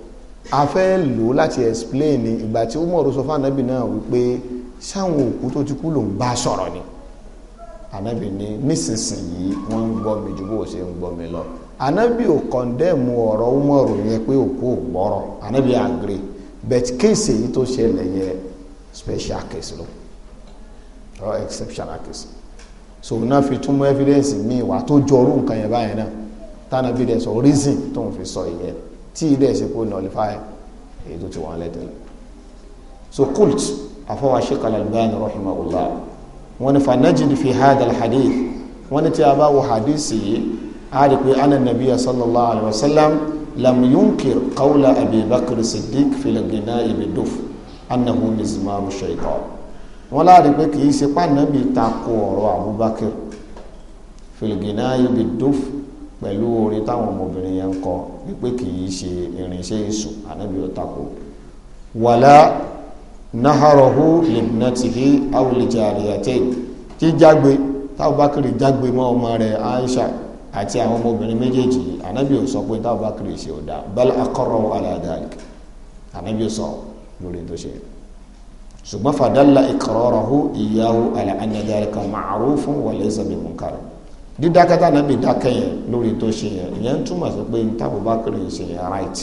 Speaker 1: a fẹ́ lò láti explain ìgbà tí Umar sọ fún anabi náà wípé sáwọn òkú tó ti kú ló ń bá sọ̀rọ̀ ni anabi ní nísinsìnyí wọ́n ń gbọ́ mi ju bó ṣe ń gbọ́ mi lọ anabi ò kọ̀ndẹ́mù ọ̀rọ̀ Umar yẹn pé òkú ò gbọ́rọ̀ anabi agree but kéèsì èyí tó ṣẹlẹ̀ yẹn special case lọ or exceptional case so náà fi túmọ̀ evidence mi wà tó jọrú nǹkan yẹn báyẹn náà tánàbí dẹ̀ sọ reason tó ń fi sọ ìyẹn tí ilé ẹ̀sìn kó nullify èyí tó ti wọ́n lẹ́tẹ̀lẹ̀ so kult afọwọ́ Sheikh Al-Albani rahimahullah wọn ni fanajid fi hadha al-hadith wọn ni tí a bá wọ hadith yìí a rí pé anna nabiya sallallahu alayhi wa sallam lam yunkir qawla abi bakr siddiq filagina ibi duf annahu mizmaru shaitan wọn láàrin pé kì í ṣe pàǹdàbí takò ọ̀rọ̀ abubakar filagina ibi duf pẹ̀lú orin táwọn ọmọbìnrin yẹn ń kọ wípé kì í ṣe irinṣẹ́ èṣù ànábì ọ̀tako wàlá naharahu libnatihi awulija aliyate jíjágbe tábàkiri jágbe mọ́ ọmọ rẹ̀ aisha àti àwọn ọmọbìnrin méjèèjì ànábì ò sọ pé tábàkiri ṣe ọ̀dà bal aqarrahu ala dhalik ànábì ò lórí tó ṣe ṣùgbọ́n fadalla iqrarahu iyyahu ala anna dídákátà nàbì dákẹ́ yẹn lórí tó ṣe yẹn ìyẹn ń túmọ̀ sí pé ní tábùbákìrì ń ṣe yẹn right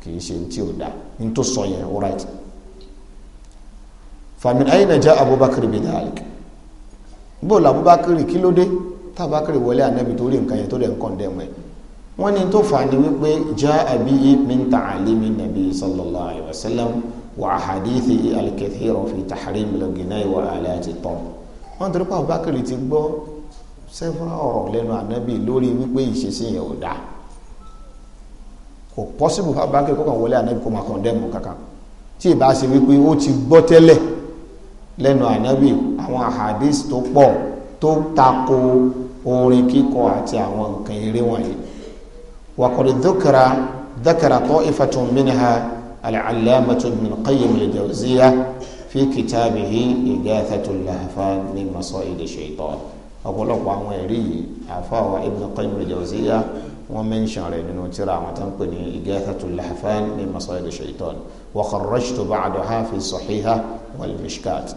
Speaker 1: kì í ṣe tí ò dá ní tó sọ yẹn ó right famin ayna jaa abubakar bi dhalik bóòlù abubakar kí ló dé tábàkar wọlé ànábì torí nǹkan yẹn tó dẹ̀ ń kàn dẹ̀ mọ́ ẹ̀ wọ́n ní tó fà ní wípé jaa bihi min ta'alimi nabi sallallahu alayhi wa sallam wa ahadithi al-kathira fi tahrim al-ghina wa alati tom wọ́n torí pé abubakar ti gbọ́ several ọ̀rọ̀ lẹ́nu ànábì lórí wípé ìṣesí yẹn ò dáa kò pọ́sibù fún abáńkì kó kàn wọlé ànábì kó máa kọ̀ndẹ́mù kankan tí ì bá ṣe wípé ó ti gbọ́ tẹ́lẹ̀ lẹ́nu ànábì àwọn ahadis tó pọ̀ tó tako orin kíkọ àti àwọn nǹkan eré wọ̀nyí wakọ̀dé dókara dákara tó ifatun minha al-allamatu min qayyim al-jawziya fi kitabihi igaathatul lahfan min masa'id ash-shaytan ọ̀pọ̀lọpọ̀ àwọn ẹ̀rí yìí àfọwọ́ Ibn Qayyim al-Jawziyya wọ́n mẹ́ńṣàn rẹ̀ nínú tíra àwọn tó ń pè ní Ighathatul Lahfan min Masayid ash-Shaytan wa kharrajtu ba'daha fi Sahiha wal Mishkat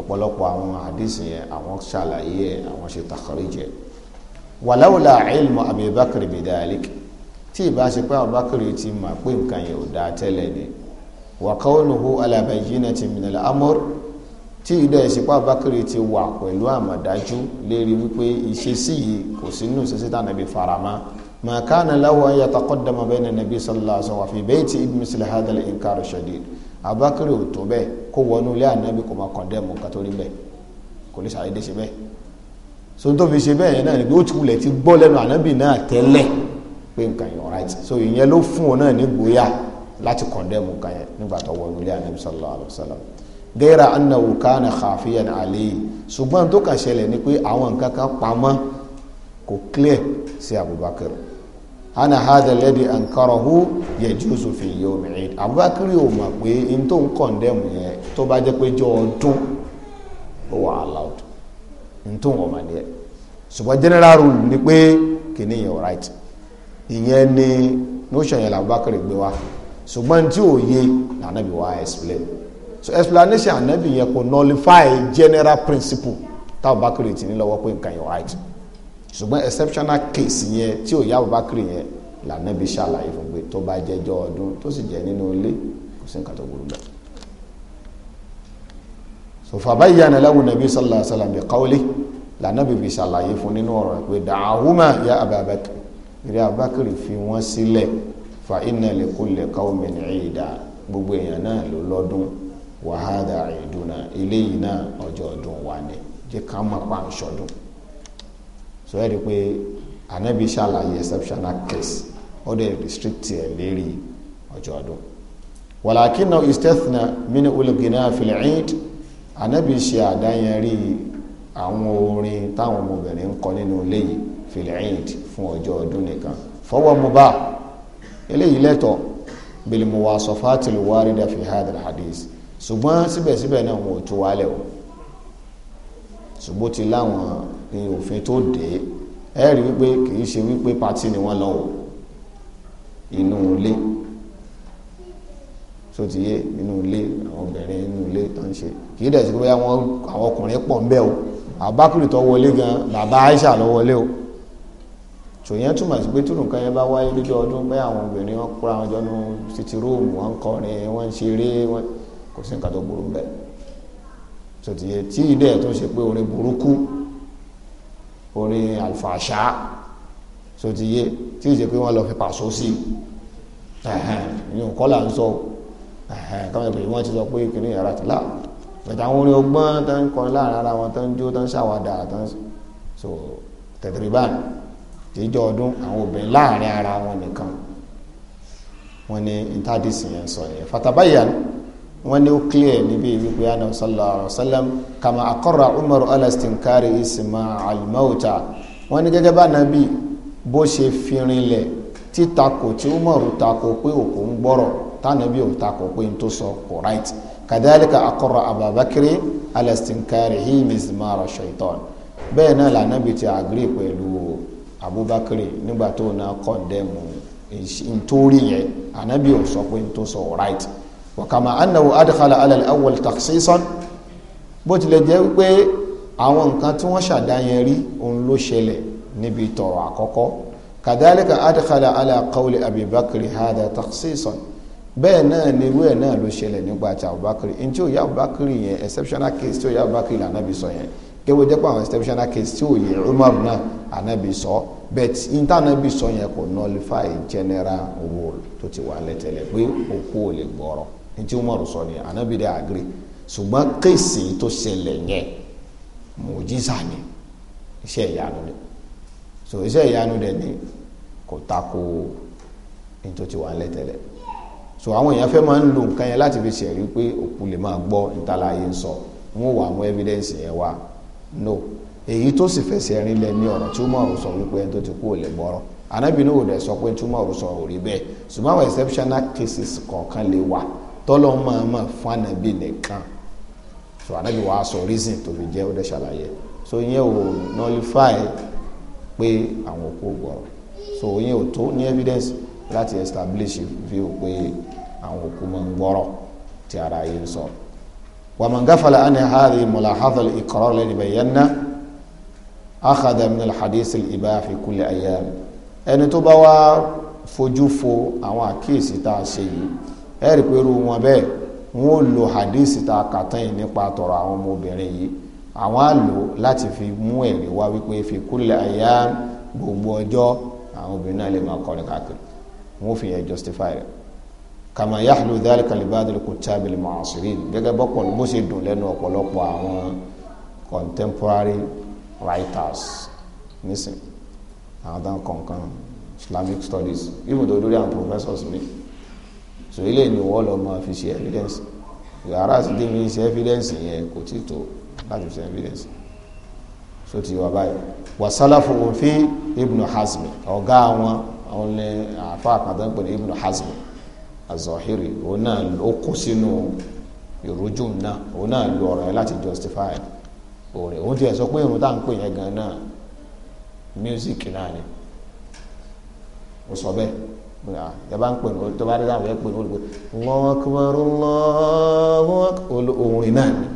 Speaker 1: ọ̀pọ̀lọpọ̀ àwọn àdìsí yẹn àwọn ṣàlàyé àwọn ṣe takharijẹ walawla ilmu Abi Bakr bidhalik tí ìbá ṣe pé Abubakar ti mọ̀ pé nǹkan yẹn ò dáa tẹ́lẹ̀ ni wa qawluhu ala bayyinatin min al-amr tí ìdọ̀ ìsìnkú abakiri ti wà pẹ̀lú àmọ̀dájú lérí wípé ìṣesí yìí kò sínú ìṣesí tá nàbí farama ma kana lahu an yataqaddama bayna nàbí sallallahu alaihi wasallam fi bayti ibn misli hadal inkar shadid abakiri ò tó bẹ́ẹ̀ kó wọnú ilé ànábì kò máa kọ̀ndẹ́mù kátó rí bẹ́ẹ̀ kò lè ṣàyédè ṣe bẹ́ẹ̀ so tó fi ṣe bẹ́ẹ̀ náà ni pé ó ti wulẹ̀ ti gbọ́ lẹ́nu ànábì náà tẹ́lẹ̀ gẹ́ra annahu kana khafiyan alayhi ṣùgbọ́n tó kàn ṣẹlẹ̀ ni pé àwọn nǹkan kan pamọ́ kò clear sí abubakar ana hadha alladhi ankarahu yajuzu fi yawm eid abubakar yóò mọ̀ pé in tó ń kọ̀ndẹ́mù yẹn tó bá jẹ́ pé jọ ọdún ó wà allowed in tó ń wọ̀ mọ̀ ní ẹ̀ ṣùgbọ́n general rule ni pé kìnìyàn right ìyẹn ni notion yẹn làbúbákẹ́rẹ́ gbé wa ṣùgbọ́n tí ò yé nànàbí wa explain so explanation anabi yẹn kò nullify general principle tá Abubakar ti ní lọ́wọ́ pé nǹkan yẹn right ṣùgbọ́n exceptional case yẹn tí ò yá Abubakar yẹn lànàbí ṣàlàyé fún pé tó bá jẹjọ́ ọdún tó sì jẹ nínú ilé kò sí nǹkan tó burú bẹ́ẹ̀. so fabayyana lahu nabi sallallahu alaihi wasallam bi qawli lànàbí fi ṣàlàyé fún nínú ọ̀rọ̀ pé da'ahuma ya Aba Bakr ìrẹ́ Abubakar fi wọ́n sílẹ̀ fa inna li kulli qawmin 'ida gbogbo èèyàn náà ló lọ́dún wàhálà ìdúnà eléyìí náà ọjọ́ ọdún wa ni jẹ́ ká má pa àṣọdún so ẹ rí i pé anabi ṣàlàyé exceptional case ó dẹ̀ restrict ẹ̀ lérí ọjọ́ ọdún wàlàkínà istethna mini olùgbìnà filẹ̀ẹ́d anabi ṣe àdáyẹrí àwọn orin táwọn ọmọbìnrin ń kọ nínú ilé yìí filẹ̀ẹ́d fún ọjọ́ ọdún nìkan fọwọ́ mu bá eléyìí lẹ́tọ̀ bil muwasafatil warida fi ṣùgbọ́n síbẹ̀síbẹ̀ náà wọn ò tú wálẹ̀ o ṣùgbọ́n ti láwọn ní òfin tó dé ẹ rí wípé kì ṣe wípé pati ni wọ́n lọ o inú ilé so ti yé inú ilé àwọn obìnrin inú ilé tó ń ṣe kì í dẹ̀ sí pé àwọn ọkùnrin pọ̀ ń bẹ o àbákùrì tó wọlé gan bàbá Aisha ló wọlé o tòyẹn túmọ̀ sí pé túrùn kan yẹn bá wáyé lójú ọdún bẹ́ẹ̀ àwọn obìnrin wọn kóra wọn jọ nu títí róòmù wọn kọrin wọn ń ṣeré wọn kò sí nǹkan tó burú bẹ́ẹ̀ sòtìyẹ tí ìdẹ tó ṣe pé orin burúkú orin àlùfàṣà sòtìyẹ tí ìṣe pé wọn lọ fi pàṣọ sí ìyókọ́ là ń sọ káwọn ìpèsè wọn ti sọ pé kìnìún yàrá ti láà bẹ̀tẹ̀ àwọn orin ọgbọ́n tó ń kọrin láàrin ara wọn tó ń jó tó ń ṣàwádà tó ń so tẹ̀tẹ̀rìbá tíjọ ọdún àwọn obìnrin láàrin ara wọn nìkan wọn ni intadis yẹn sọ yẹn fatabayan wọ́n ní ó clear níbi wípé àná sallallahu alaihi wasallam kama akọ́ra umaru alastinkari isma alimauta wọ́n ní gẹ́gẹ́ bá nàbí bó ṣe firinlẹ̀ títako tí umaru tako pé òkú ń gbọ́rọ̀ tánàbí ò tako pé n tó sọ kò right kàdálíkà akọ́ra ababakiri alastinkari hi mizmara shaitan bẹ́ẹ̀ náà lànàbí ti agree pẹ̀lú abubakar nígbà tó náà condemn nítorí yẹn ànábì ò sọ pé n tó sọ right wàkàmà anáwó adìkálà alẹ́ awọ́l taksísọ́n bó tilẹ̀ jẹ́ pé àwọn nǹkan tí wọ́n ṣàdáyẹn rí òun ló ṣẹlẹ̀ níbi tọrọ àkọ́kọ́ kàdálíkà adìkálà alẹ́ kọ́wlì abibakiri hada taksísọ́n bẹ́ẹ̀ náà ni irú ẹ̀ náà ló ṣẹlẹ̀ nígbà tí abubakiri ní tí ó yá abubakiri yẹn exceptional case tí ó yá abubakiri lànà bí sọ yẹn kéwòn jẹ́ àwọn exceptional case tí ò yẹ Umar náà ànábì sọ but intanẹ́bì sọ yẹn kò nullify general rule tó ti wà lẹ́tẹ̀lẹ̀ pé òkú ò lè gbọ́rọ̀ ní tí Umaru sọ ni anabi dẹ agiri ṣùgbọ́n kéèsì tó ṣẹlẹ̀ yẹn mùjísà ni iṣẹ́ ìyanu ni so iṣẹ́ ìyanu dẹ ni kò tako ní tó ti lẹ́tẹ̀lẹ̀ so àwọn èèyàn fẹ́ máa ń lo nǹkan yẹn láti fi ṣẹ̀rí pé òkú lè máa gbọ́ ìtàláyé ń sọ wọn wà mú evidence yẹn wá no èyí tó sì fẹsẹ̀ rinlẹ̀ ní ọ̀rọ̀ tí Umaru sọ wípé ẹni tó ti kú ò lè gbọ́rọ̀ anábìínú ò dẹ̀ sọ pé tí Umaru sọ ò bẹ́ẹ̀ ṣùgbọ́n àwọn exceptional cases kọ̀ọ̀kan lè wà tọ́lọ́ máa máa fún ànábì nìkan so ànábì wàá sọ reason tó fi jẹ́ ó dẹ̀ ṣàlàyé so ìyẹn ò nullify pé àwọn òkú gbọ́rọ̀ so ìyẹn ò tó ní evidence láti establish view pé àwọn òkú máa ń gbọ́rọ̀ tí ara yìí ń sọ ومن غفل عن هذه ملاحظة الإقرار الذي بينا أخذ من الحديث الإباحة في كل أيام ẹni tó bá wá fojú fo àwọn àkíyèsí tá a ṣe yìí ẹ̀rí pé irú wọn bẹ́ẹ̀ wọn ò lo hadith ta kàtán yìí nípa tọrọ àwọn ọmọbìnrin yìí àwọn á lò láti fi mú ẹ̀rí wá wípé fi kúlẹ̀ àyà gbogbo ọjọ́ àwọn obìnrin náà lè máa kọrin káàkiri wọn ò fi yẹn justify rẹ̀ kàmá yàhùlù dálí kalibadul kutabili mọ̀ọ́sìrì gẹ́gẹ́ bọ́pọ̀ bó ṣe dùn lẹ́nu ọ̀pọ̀lọpọ̀ àwọn contemporary writers nísìn àwọn dáhùn kọ̀ọ̀kan islamic studies even though lórí àwọn professors mi. so ilé ni wọ́n lọ máa fi ṣe evidence yàrá àti dé fi ṣe evidence yẹn kò tí tó láti ṣe evidence so ti wà báyìí wasalafu fi ibnu hazmi ọ̀gá wọn àwọn ní àfa àkàndá ń pè ní ibn hazmi azọhiri òun náà ó kó sínú ìrújú náà òun náà lu ọ̀rọ̀ yẹn láti justify òun òun ti sọ pé irun tá à ń pè music náà ni ó sọ bẹ́ẹ̀. yaba ah, ń pè ní olùtọ́ bá dé láwọn yẹn pè ní olùgbé Allahu Akbar orin náà ni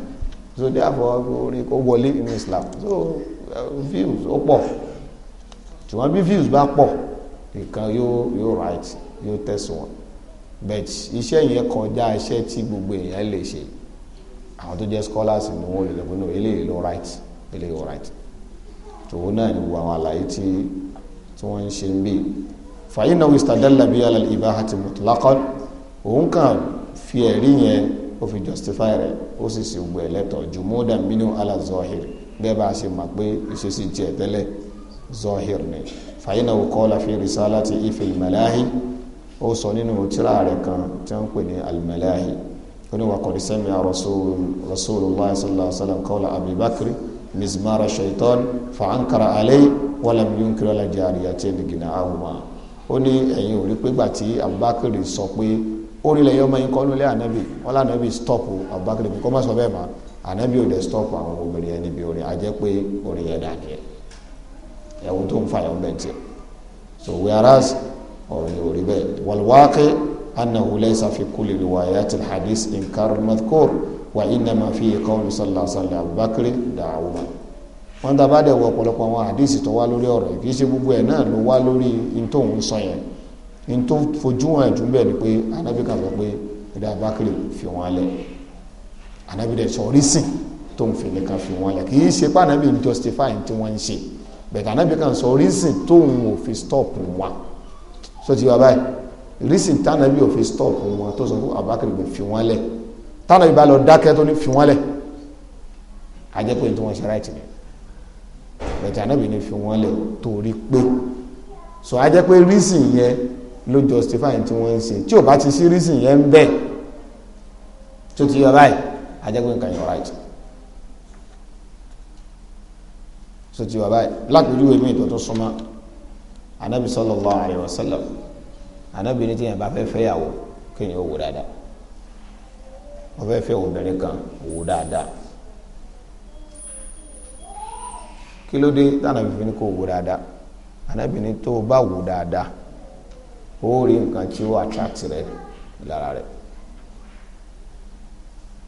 Speaker 1: so therefore orin kò wọlé inú Islam so eh, views ó pọ̀ ṣùgbọ́n bí views bá pọ̀ nǹkan yóò yóò right yóò tẹ̀sùn wọn but iṣẹ́ yẹn kọjá iṣẹ́ tí gbogbo èèyàn lè ṣe àwọn tó jẹ́ scholars ni wọ́n lè lọ́gbọ́n náà eléyìí ló right eléyìí ó right tòun náà ni wo àwọn àlàyé tí wọ́n ń ṣe ń bíi fàyínà wistadalla bí alal ibahati mutlaqan òun kàn fi ẹ̀rí yẹn ó fi justify rẹ̀ ó sì sì gbọ́ ẹ̀lẹ́tọ̀ jumudan minu ala zohir bẹ́ẹ̀ bá a ṣe mọ̀ pé ìṣesí jẹ́ tẹ́lẹ̀ zohir ni fàyínà qala fi risalati ifil malahi ó sọ nínú tírà rẹ̀ kan tí wọ́n pè ní al ó ní wa qad sami'a rasulullah sallallahu alaihi wa sallam qawla abi bakri ó ní ẹ̀yin ò rí pé gbà tí Abubakar sọ pé ó rí lẹ́yìn ọmọ yín kọ́ lólé ànábì wọn lànàbì stop Abubakar mi kọ́ má sọ bẹ́ẹ̀ mọ́ ànábì ò dẹ̀ stop àwọn obìnrin yẹn níbi orin àjẹ́ pé orin yẹn dà nìyẹn ẹ̀wọ̀n tó ń fa ẹ̀wọ̀n bẹ́ẹ̀ tiẹ̀ so whereas ọ̀rọ̀ yìí ò rí bẹ́ẹ̀ wàlúwàkẹ́ annahu laysa fi kulli riwayat alhadith inkar madhkur wa innama fi qawli sallallahu alaihi wa Abubakar da'awuma wọ́n dábàá dẹ̀ wọ ọ̀pọ̀lọpọ̀ àwọn àdísì tó wá lórí ọ̀rọ̀ kì í ṣe gbogbo ẹ̀ náà ló wá lórí in tó sọ yẹn in fojú hàn jù bẹ́ẹ̀ ni pé anábì kan sọ pé ìdá abákìrì fi wọn lẹ̀ anábì dẹ̀ sọ orísìn tó ń fi nìkan fi wọn lẹ̀ kì í ṣe pé anábì ń justify tí wọ́n ń ṣe bẹ̀tẹ̀ anábì kan sọ orísìn tóun ò fi stop wọn sọ ti wá báyìí orísìn tánábì ò fi stop wọn tó sọ fún abákìrì fi wọn lẹ̀ tánábì bá lọ dákẹ́ tó ní fi wọn lẹ̀ ajẹ́pẹ́ tí wọ́n ṣe right nìyẹn àtẹ̀tẹ̀ anábì ní fi wọ́n lẹ̀ torí pé so a jẹ́ pé reason yẹn ló justify tí wọ́n ń ṣe tí ò bá ti sí reason yẹn ń bẹ̀ tó ti yọ báyìí a jẹ́ pé nǹkan yẹn right so ti yọ báyìí lápèjúwe mi ìtọ́tún súnmọ́ anábì sallallahu alaihi wasallam anábì ní tí yẹn bá fẹ́ fẹ́ yàwó kéèyàn ó wò dáadáa wọ́n fẹ́ fẹ́ obìnrin kan wò dáadáa kí ló dé tànàbí fi ni kò wò dáadáa ànábì ni tó o bá wò dáadáa ó rí nǹkan tí ó attract rẹ lára rẹ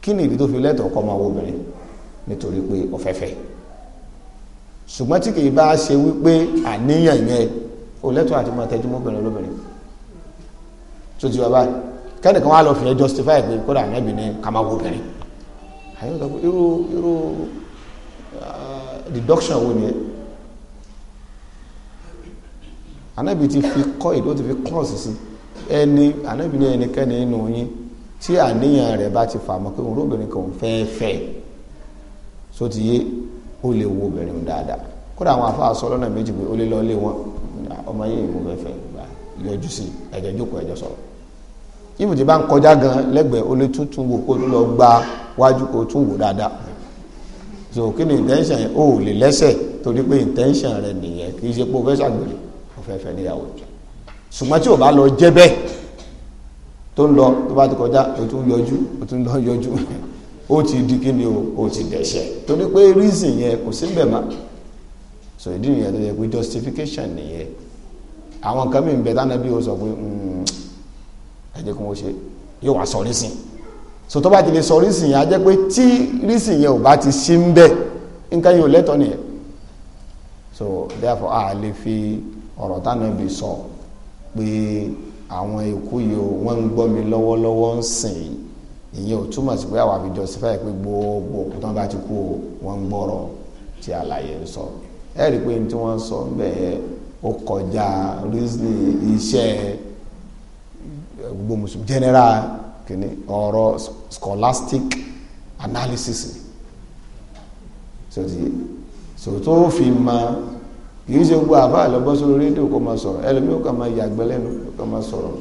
Speaker 1: kí ni ìdí tó fi lẹ́tọ̀ọ́ kọ́ ọmọ obìnrin nítorí pé ọ̀fẹ́fẹ́ ṣùgbọ́n tí kìí bá ṣe wípé àníyàn yẹn ó lẹ́tọ̀ọ́ àti máa tẹ́jú mọ́bìnrin olóbìnrin tó ti wá báyìí kẹ́nìkan wá lọ fi yẹn justify pé kódà ànábì ni ká máa wo obìnrin àyẹ̀wò sọ pé irú irú reduction wo nìyẹn anabi ti fi kọ́ ìdó ti fi close sí ẹni anabi ní ẹnikẹ́ni nínú yín tí àníyàn rẹ̀ bá ti fà mọ́ pé òun lóbìnrin kan fẹ́ẹ́ fẹ́ so ti yé ó lè wo obìnrin dáadáa kódà àwọn afáà sọ lọ́nà méjì pé ó lè lọ lé wọn ọmọ yìí mo fẹ́ fẹ́ yọjú sí ẹ̀jẹ̀ jókòó ẹ̀jẹ̀ sọ̀rọ̀ ibùdó bá ń kọjá gan lẹ́gbẹ̀ẹ́ ó lè tuntun wò kó lọ gba wájú kó tún wò dáadáa so kí ni intention yẹn o ò lè lẹ́sẹ̀ torí pé intention rẹ nìyẹn kì í ṣe pé o fẹ́ ṣàgbèrè o fẹ́ fẹ́ níyàwó ṣùgbọ́n tí o bá lọ jẹ́ bẹ́ẹ̀ tó ń lọ tó bá ti kọjá o tún yọjú o tún lọ yọjú o ti di kí ni o o ti dẹ̀ṣẹ̀ torí pé reason yẹn kò sí mọ́ so ìdí nìyẹn tó yẹ pé justification nìyẹn àwọn kan mi ń bẹ tánà bí o sọ pé hmm, ẹ jẹ́ kí wọ́n ṣe yóò wá sọ nísìnyí so tó bá ti lè sọ rísìn yẹn á jẹ́ pé tí rísìn yẹn ò bá ti sí ń bẹ̀ nǹkan yẹn ò lẹ́tọ̀ nìyẹn so therefore a lè fi ọ̀rọ̀ t'Ànábì sọ pé àwọn ikú yìí o wọ́n ń gbọ́ mi lọ́wọ́lọ́wọ́ ń sìn ìyẹn ò túmọ̀ sí pé àwọn àfijọ́ sí fẹ́ẹ́ pé gbogbo òkú tán bá ti kú o wọ́n ń gbọ́rọ̀ tí àlàyé ń sọ ẹ rí i pé tí wọ́n sọ ń ó kọjá rísìn iṣẹ́ gbogbo mùsùlùmí general kìíní ọ̀rọ̀ scholastic analysis sọtí sòtó fi ma kìí ṣe gbogbo àbá àlọ́bọ́ sórí rédíò kó máa sọ̀rọ̀ ẹlòmíì ó kà máa yàgbẹ́ lẹ́nu ó kà máa sọ̀rọ̀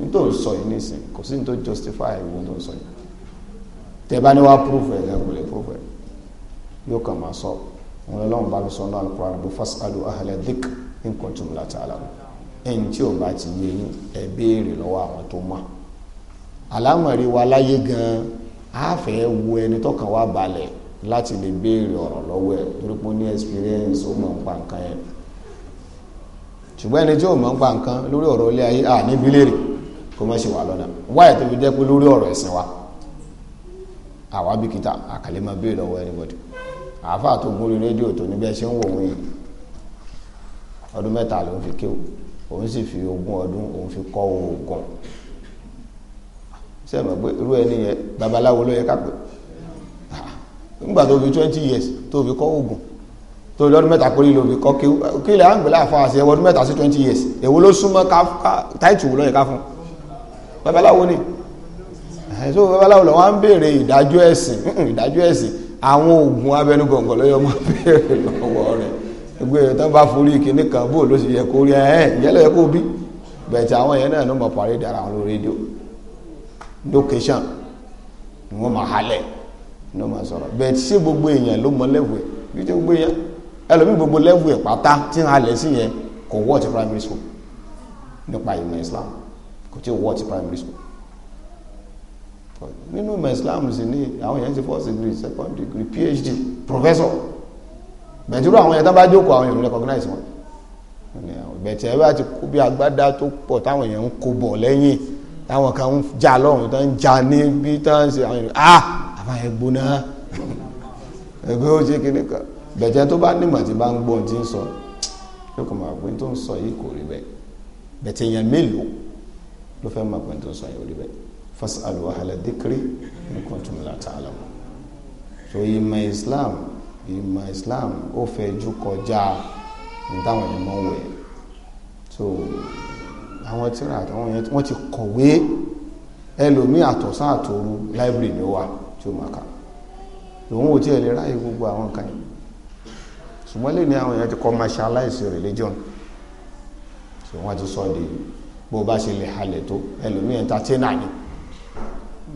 Speaker 1: nítorí sọ yìí nísìn kò sí nítorí justify ìwọ tó sọ yìí tẹ bá ní wàá proof kò lè sọ wọn bá mi sọ náà tí alámọ̀rí wa láyé gan a fẹ́ wo ẹni tọ́kàn wa balẹ̀ láti lè béèrè ọ̀rọ̀ lọ́wọ́ ẹ̀ torí pé ó ní experience ó mọ̀ nípa nǹkan yẹn ṣùgbọ́n ẹni tí ó mọ̀ nípa nǹkan lórí ọ̀rọ̀ ilé ayé à níbi léèrè kó má ṣe wà lọ́nà wáyé tó fi jẹ́ pé lórí ọ̀rọ̀ ẹ̀sìn wa àwa bìkítà àkàlẹ́ máa béèrè lọ́wọ́ anybody àáfàá tó gún rédíò tó níbẹ̀ ṣe ń wò wọ́n yìí ọdún mẹ́ta ló ń fi kéwò òun sì fi ogún ọdún òun fi kọ́ oògùn sẹ́mi pé irú ẹni yẹn babaláwo ló yẹ ká pè nígbà tó fi twenty years tó fi kọ́ oògùn tó lọ́dún mẹ́ta péré ló fi kọ́ kí ilẹ̀ àǹgbẹ̀lá àfa àṣẹ ọdún mẹ́ta sí twenty years èwo ló súnmọ́ ká táìtù wò ló yẹ ká fún babaláwo ni so babaláwo lọ wá ń béèrè ìdájọ́ ẹ̀sìn ìdájọ́ ẹ̀sìn àwọn oògùn abẹnugọ̀ngọ̀ ló yẹ ọmọ béèrè lọ́wọ́ rẹ̀ gbogbo èèyàn tó bá forí kíní kan bó ló sì yẹ kó rí ẹ̀ ẹ̀ ìyẹ́lẹ̀ yẹ kó bí bẹ̀tẹ̀ àwọn yẹn náà ló mọ̀ parí dára àwọn lórí rédíò location ni wọ́n máa halẹ̀ ni wọ́n máa sọ̀rọ̀ bẹ́ẹ̀ ṣé gbogbo èèyàn ló mọ lẹ́wù ẹ̀ bí ṣé gbogbo èèyàn ẹlòmíì gbogbo lẹ́wù ẹ̀ pátá tí ń halẹ̀ sí yẹn kò wọ́ ti primary school nípa ìmọ̀ Islam kò tí ì wọ́ ti primary school nínú ìmọ̀ Islam sì ni àwọn èèyàn ti first degree second degree PhD professor bẹ̀tùrú àwọn èèyàn tán bá jókòó àwọn èèyàn recognize wọn bẹ̀tẹ̀ ẹ bá ti kó bí agbádá tó pọ̀ táwọn èèyàn ń kó bọ̀ táwọn kan ń jà lọ́rùn tó ń jà níbi tó ń ṣe àwọn ènìyàn ah àwọn ẹ̀gbọ́n náà ẹgbẹ́ ó ṣe kíní kan bẹ̀tẹ̀ tó bá nímọ̀ tí bá ń gbọ́ tí ń sọ yóò kàn máa pé tó ń sọ yìí kò rí bẹ́ẹ̀ bẹ̀tẹ̀ èèyàn mélòó ló fẹ́ máa pé tó ń sọ yìí ò rí bẹ́ẹ̀ fas'alu ahla dhikri in kuntum la ta'lamun so ìmọ̀ Islam ìmọ̀ Islam ó fẹ́ jù kọjá ní táwọn ìmọ̀ wẹ̀ so àwọn ra, àtàwọn yẹn wọ́n ti kọ̀wé ẹlòmí àtọ̀sán àtòru láìbírì ni ó wà tí ó máa kà lòun ò tiẹ̀ lè ráyè gbogbo àwọn nǹkan yìí ṣùgbọ́n lè ní àwọn èèyàn ti commercialize religion tí wọ́n ti sọ di bó bá ṣe lè halẹ̀ tó ẹlòmí entertainer ni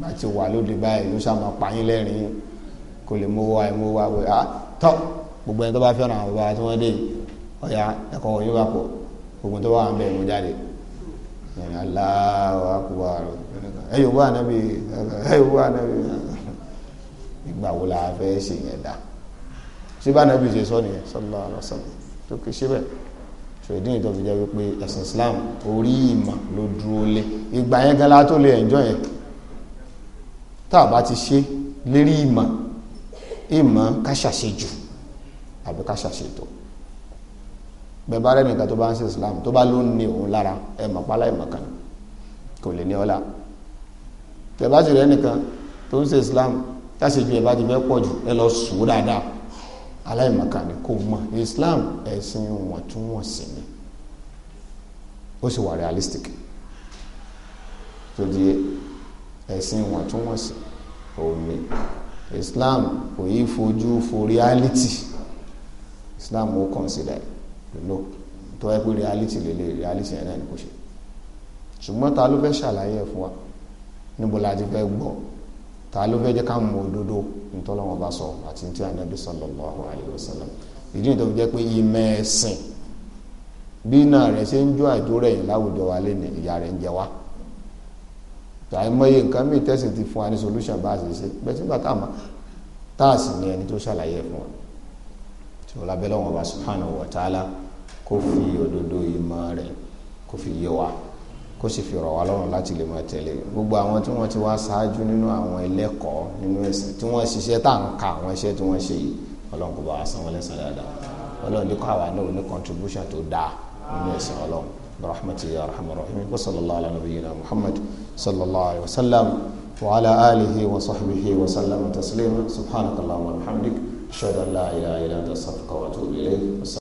Speaker 1: bá ti wà lóde báyìí ló sábà pààyàn lẹ́rìn kò lè mú wa mú wa wẹ̀ á tọ́ gbogbo ẹni tó bá fẹ́ràn àwọn bàbá tí wọ́n dé ọ̀yà ẹ̀kọ́ wọ̀nyí wà pọ̀ gbogbo tó bá wà ń bẹ̀rù jáde aláwọ̀ akúwàrò ẹ̀yọ̀ bá ànábì ẹ̀yọ̀ bá ànábì ìgbà wo la fẹ́ ṣe yẹn dá ṣé bá ṣe sọ nìyẹn sallallahu alaihi wasallam tó kì í ṣe bẹ́ẹ̀ ṣòdí ìtọ́ fi jẹ́ wípé ẹ̀sìn Islam orí ìmọ̀ ló dúró lé ìgbà yẹn gan la tó lè ẹ̀njọ́ yẹn tá a bá ti ṣe lérí ìmọ̀ ìmọ̀ ká ṣàṣejù àbí ká ṣàṣetò bẹ́ẹ̀ bá rẹ́nìkan tó bá ń ṣe islam tó bá ló ní òun lára ẹ̀ mọ̀ pálá ẹ̀ kan kò lè ní ọ́lá bẹ́ẹ̀ bá ti rẹ́nìkan tó ń ṣe islam táṣe ju ẹ̀ bá ti fẹ́ pọ̀ jù ẹ lọ sùn dáadáa aláìmọ̀kan ni kò mọ̀ islam ẹ̀sìn wọ̀ntúnwọ̀nsì ni ó sì wà realistic tó di ẹ̀sìn wọ̀ntúnwọ̀nsì òní islam kò yí fojú fo reality islam ó consider it. no tó yẹ pé reality lè reality yẹn náà ni kò ṣe ṣùgbọ́n ta ló fẹ́ ṣàlàyé ẹ̀ fún wa níbo la ti fẹ́ gbọ́ ta ló fẹ́ jẹ́ ká mọ òdodo ntọ́lọ́wọ́n bá sọ àti tí Ànábì sallallahu alayhi wa sallam ìdí ìtọ́ jẹ́ pé ìmọ̀ ẹ̀sìn bí náà rẹ̀ ṣe ń jó àjò rẹ̀ yìí láwùjọ wa lé ìyá rẹ̀ ń ti fún wa ní solution bá a ṣe ṣe bẹ́ẹ̀ sígbà tá a kó fi òdodo ìmọ̀ rẹ̀ kó fi yé wa kó sì fi rọ̀ wá lọ́rùn láti lè máa tẹ̀lé gbogbo àwọn tí wọ́n ti wá ṣáájú nínú àwọn ẹlẹ́kọ̀ọ́ nínú ẹ̀sìn tí wọ́n ṣiṣẹ́ tá à ń ka àwọn iṣẹ́ tí wọ́n ṣe yìí ọlọ́run kò bá wa san wọ́n lẹ́san dáadáa ọlọ́run ní àwa náà ní contribution tó dáa nínú ẹ̀sìn ọlọ́run rahmatulahi rahmatulahi wa sallallahu ala nabiyyina muhammad sallallahu alayhi wa sallam wa ala alihi wa sahbihi wa sallam taslima subhanakallah wa alhamdulilayi ashhadu an wa atubu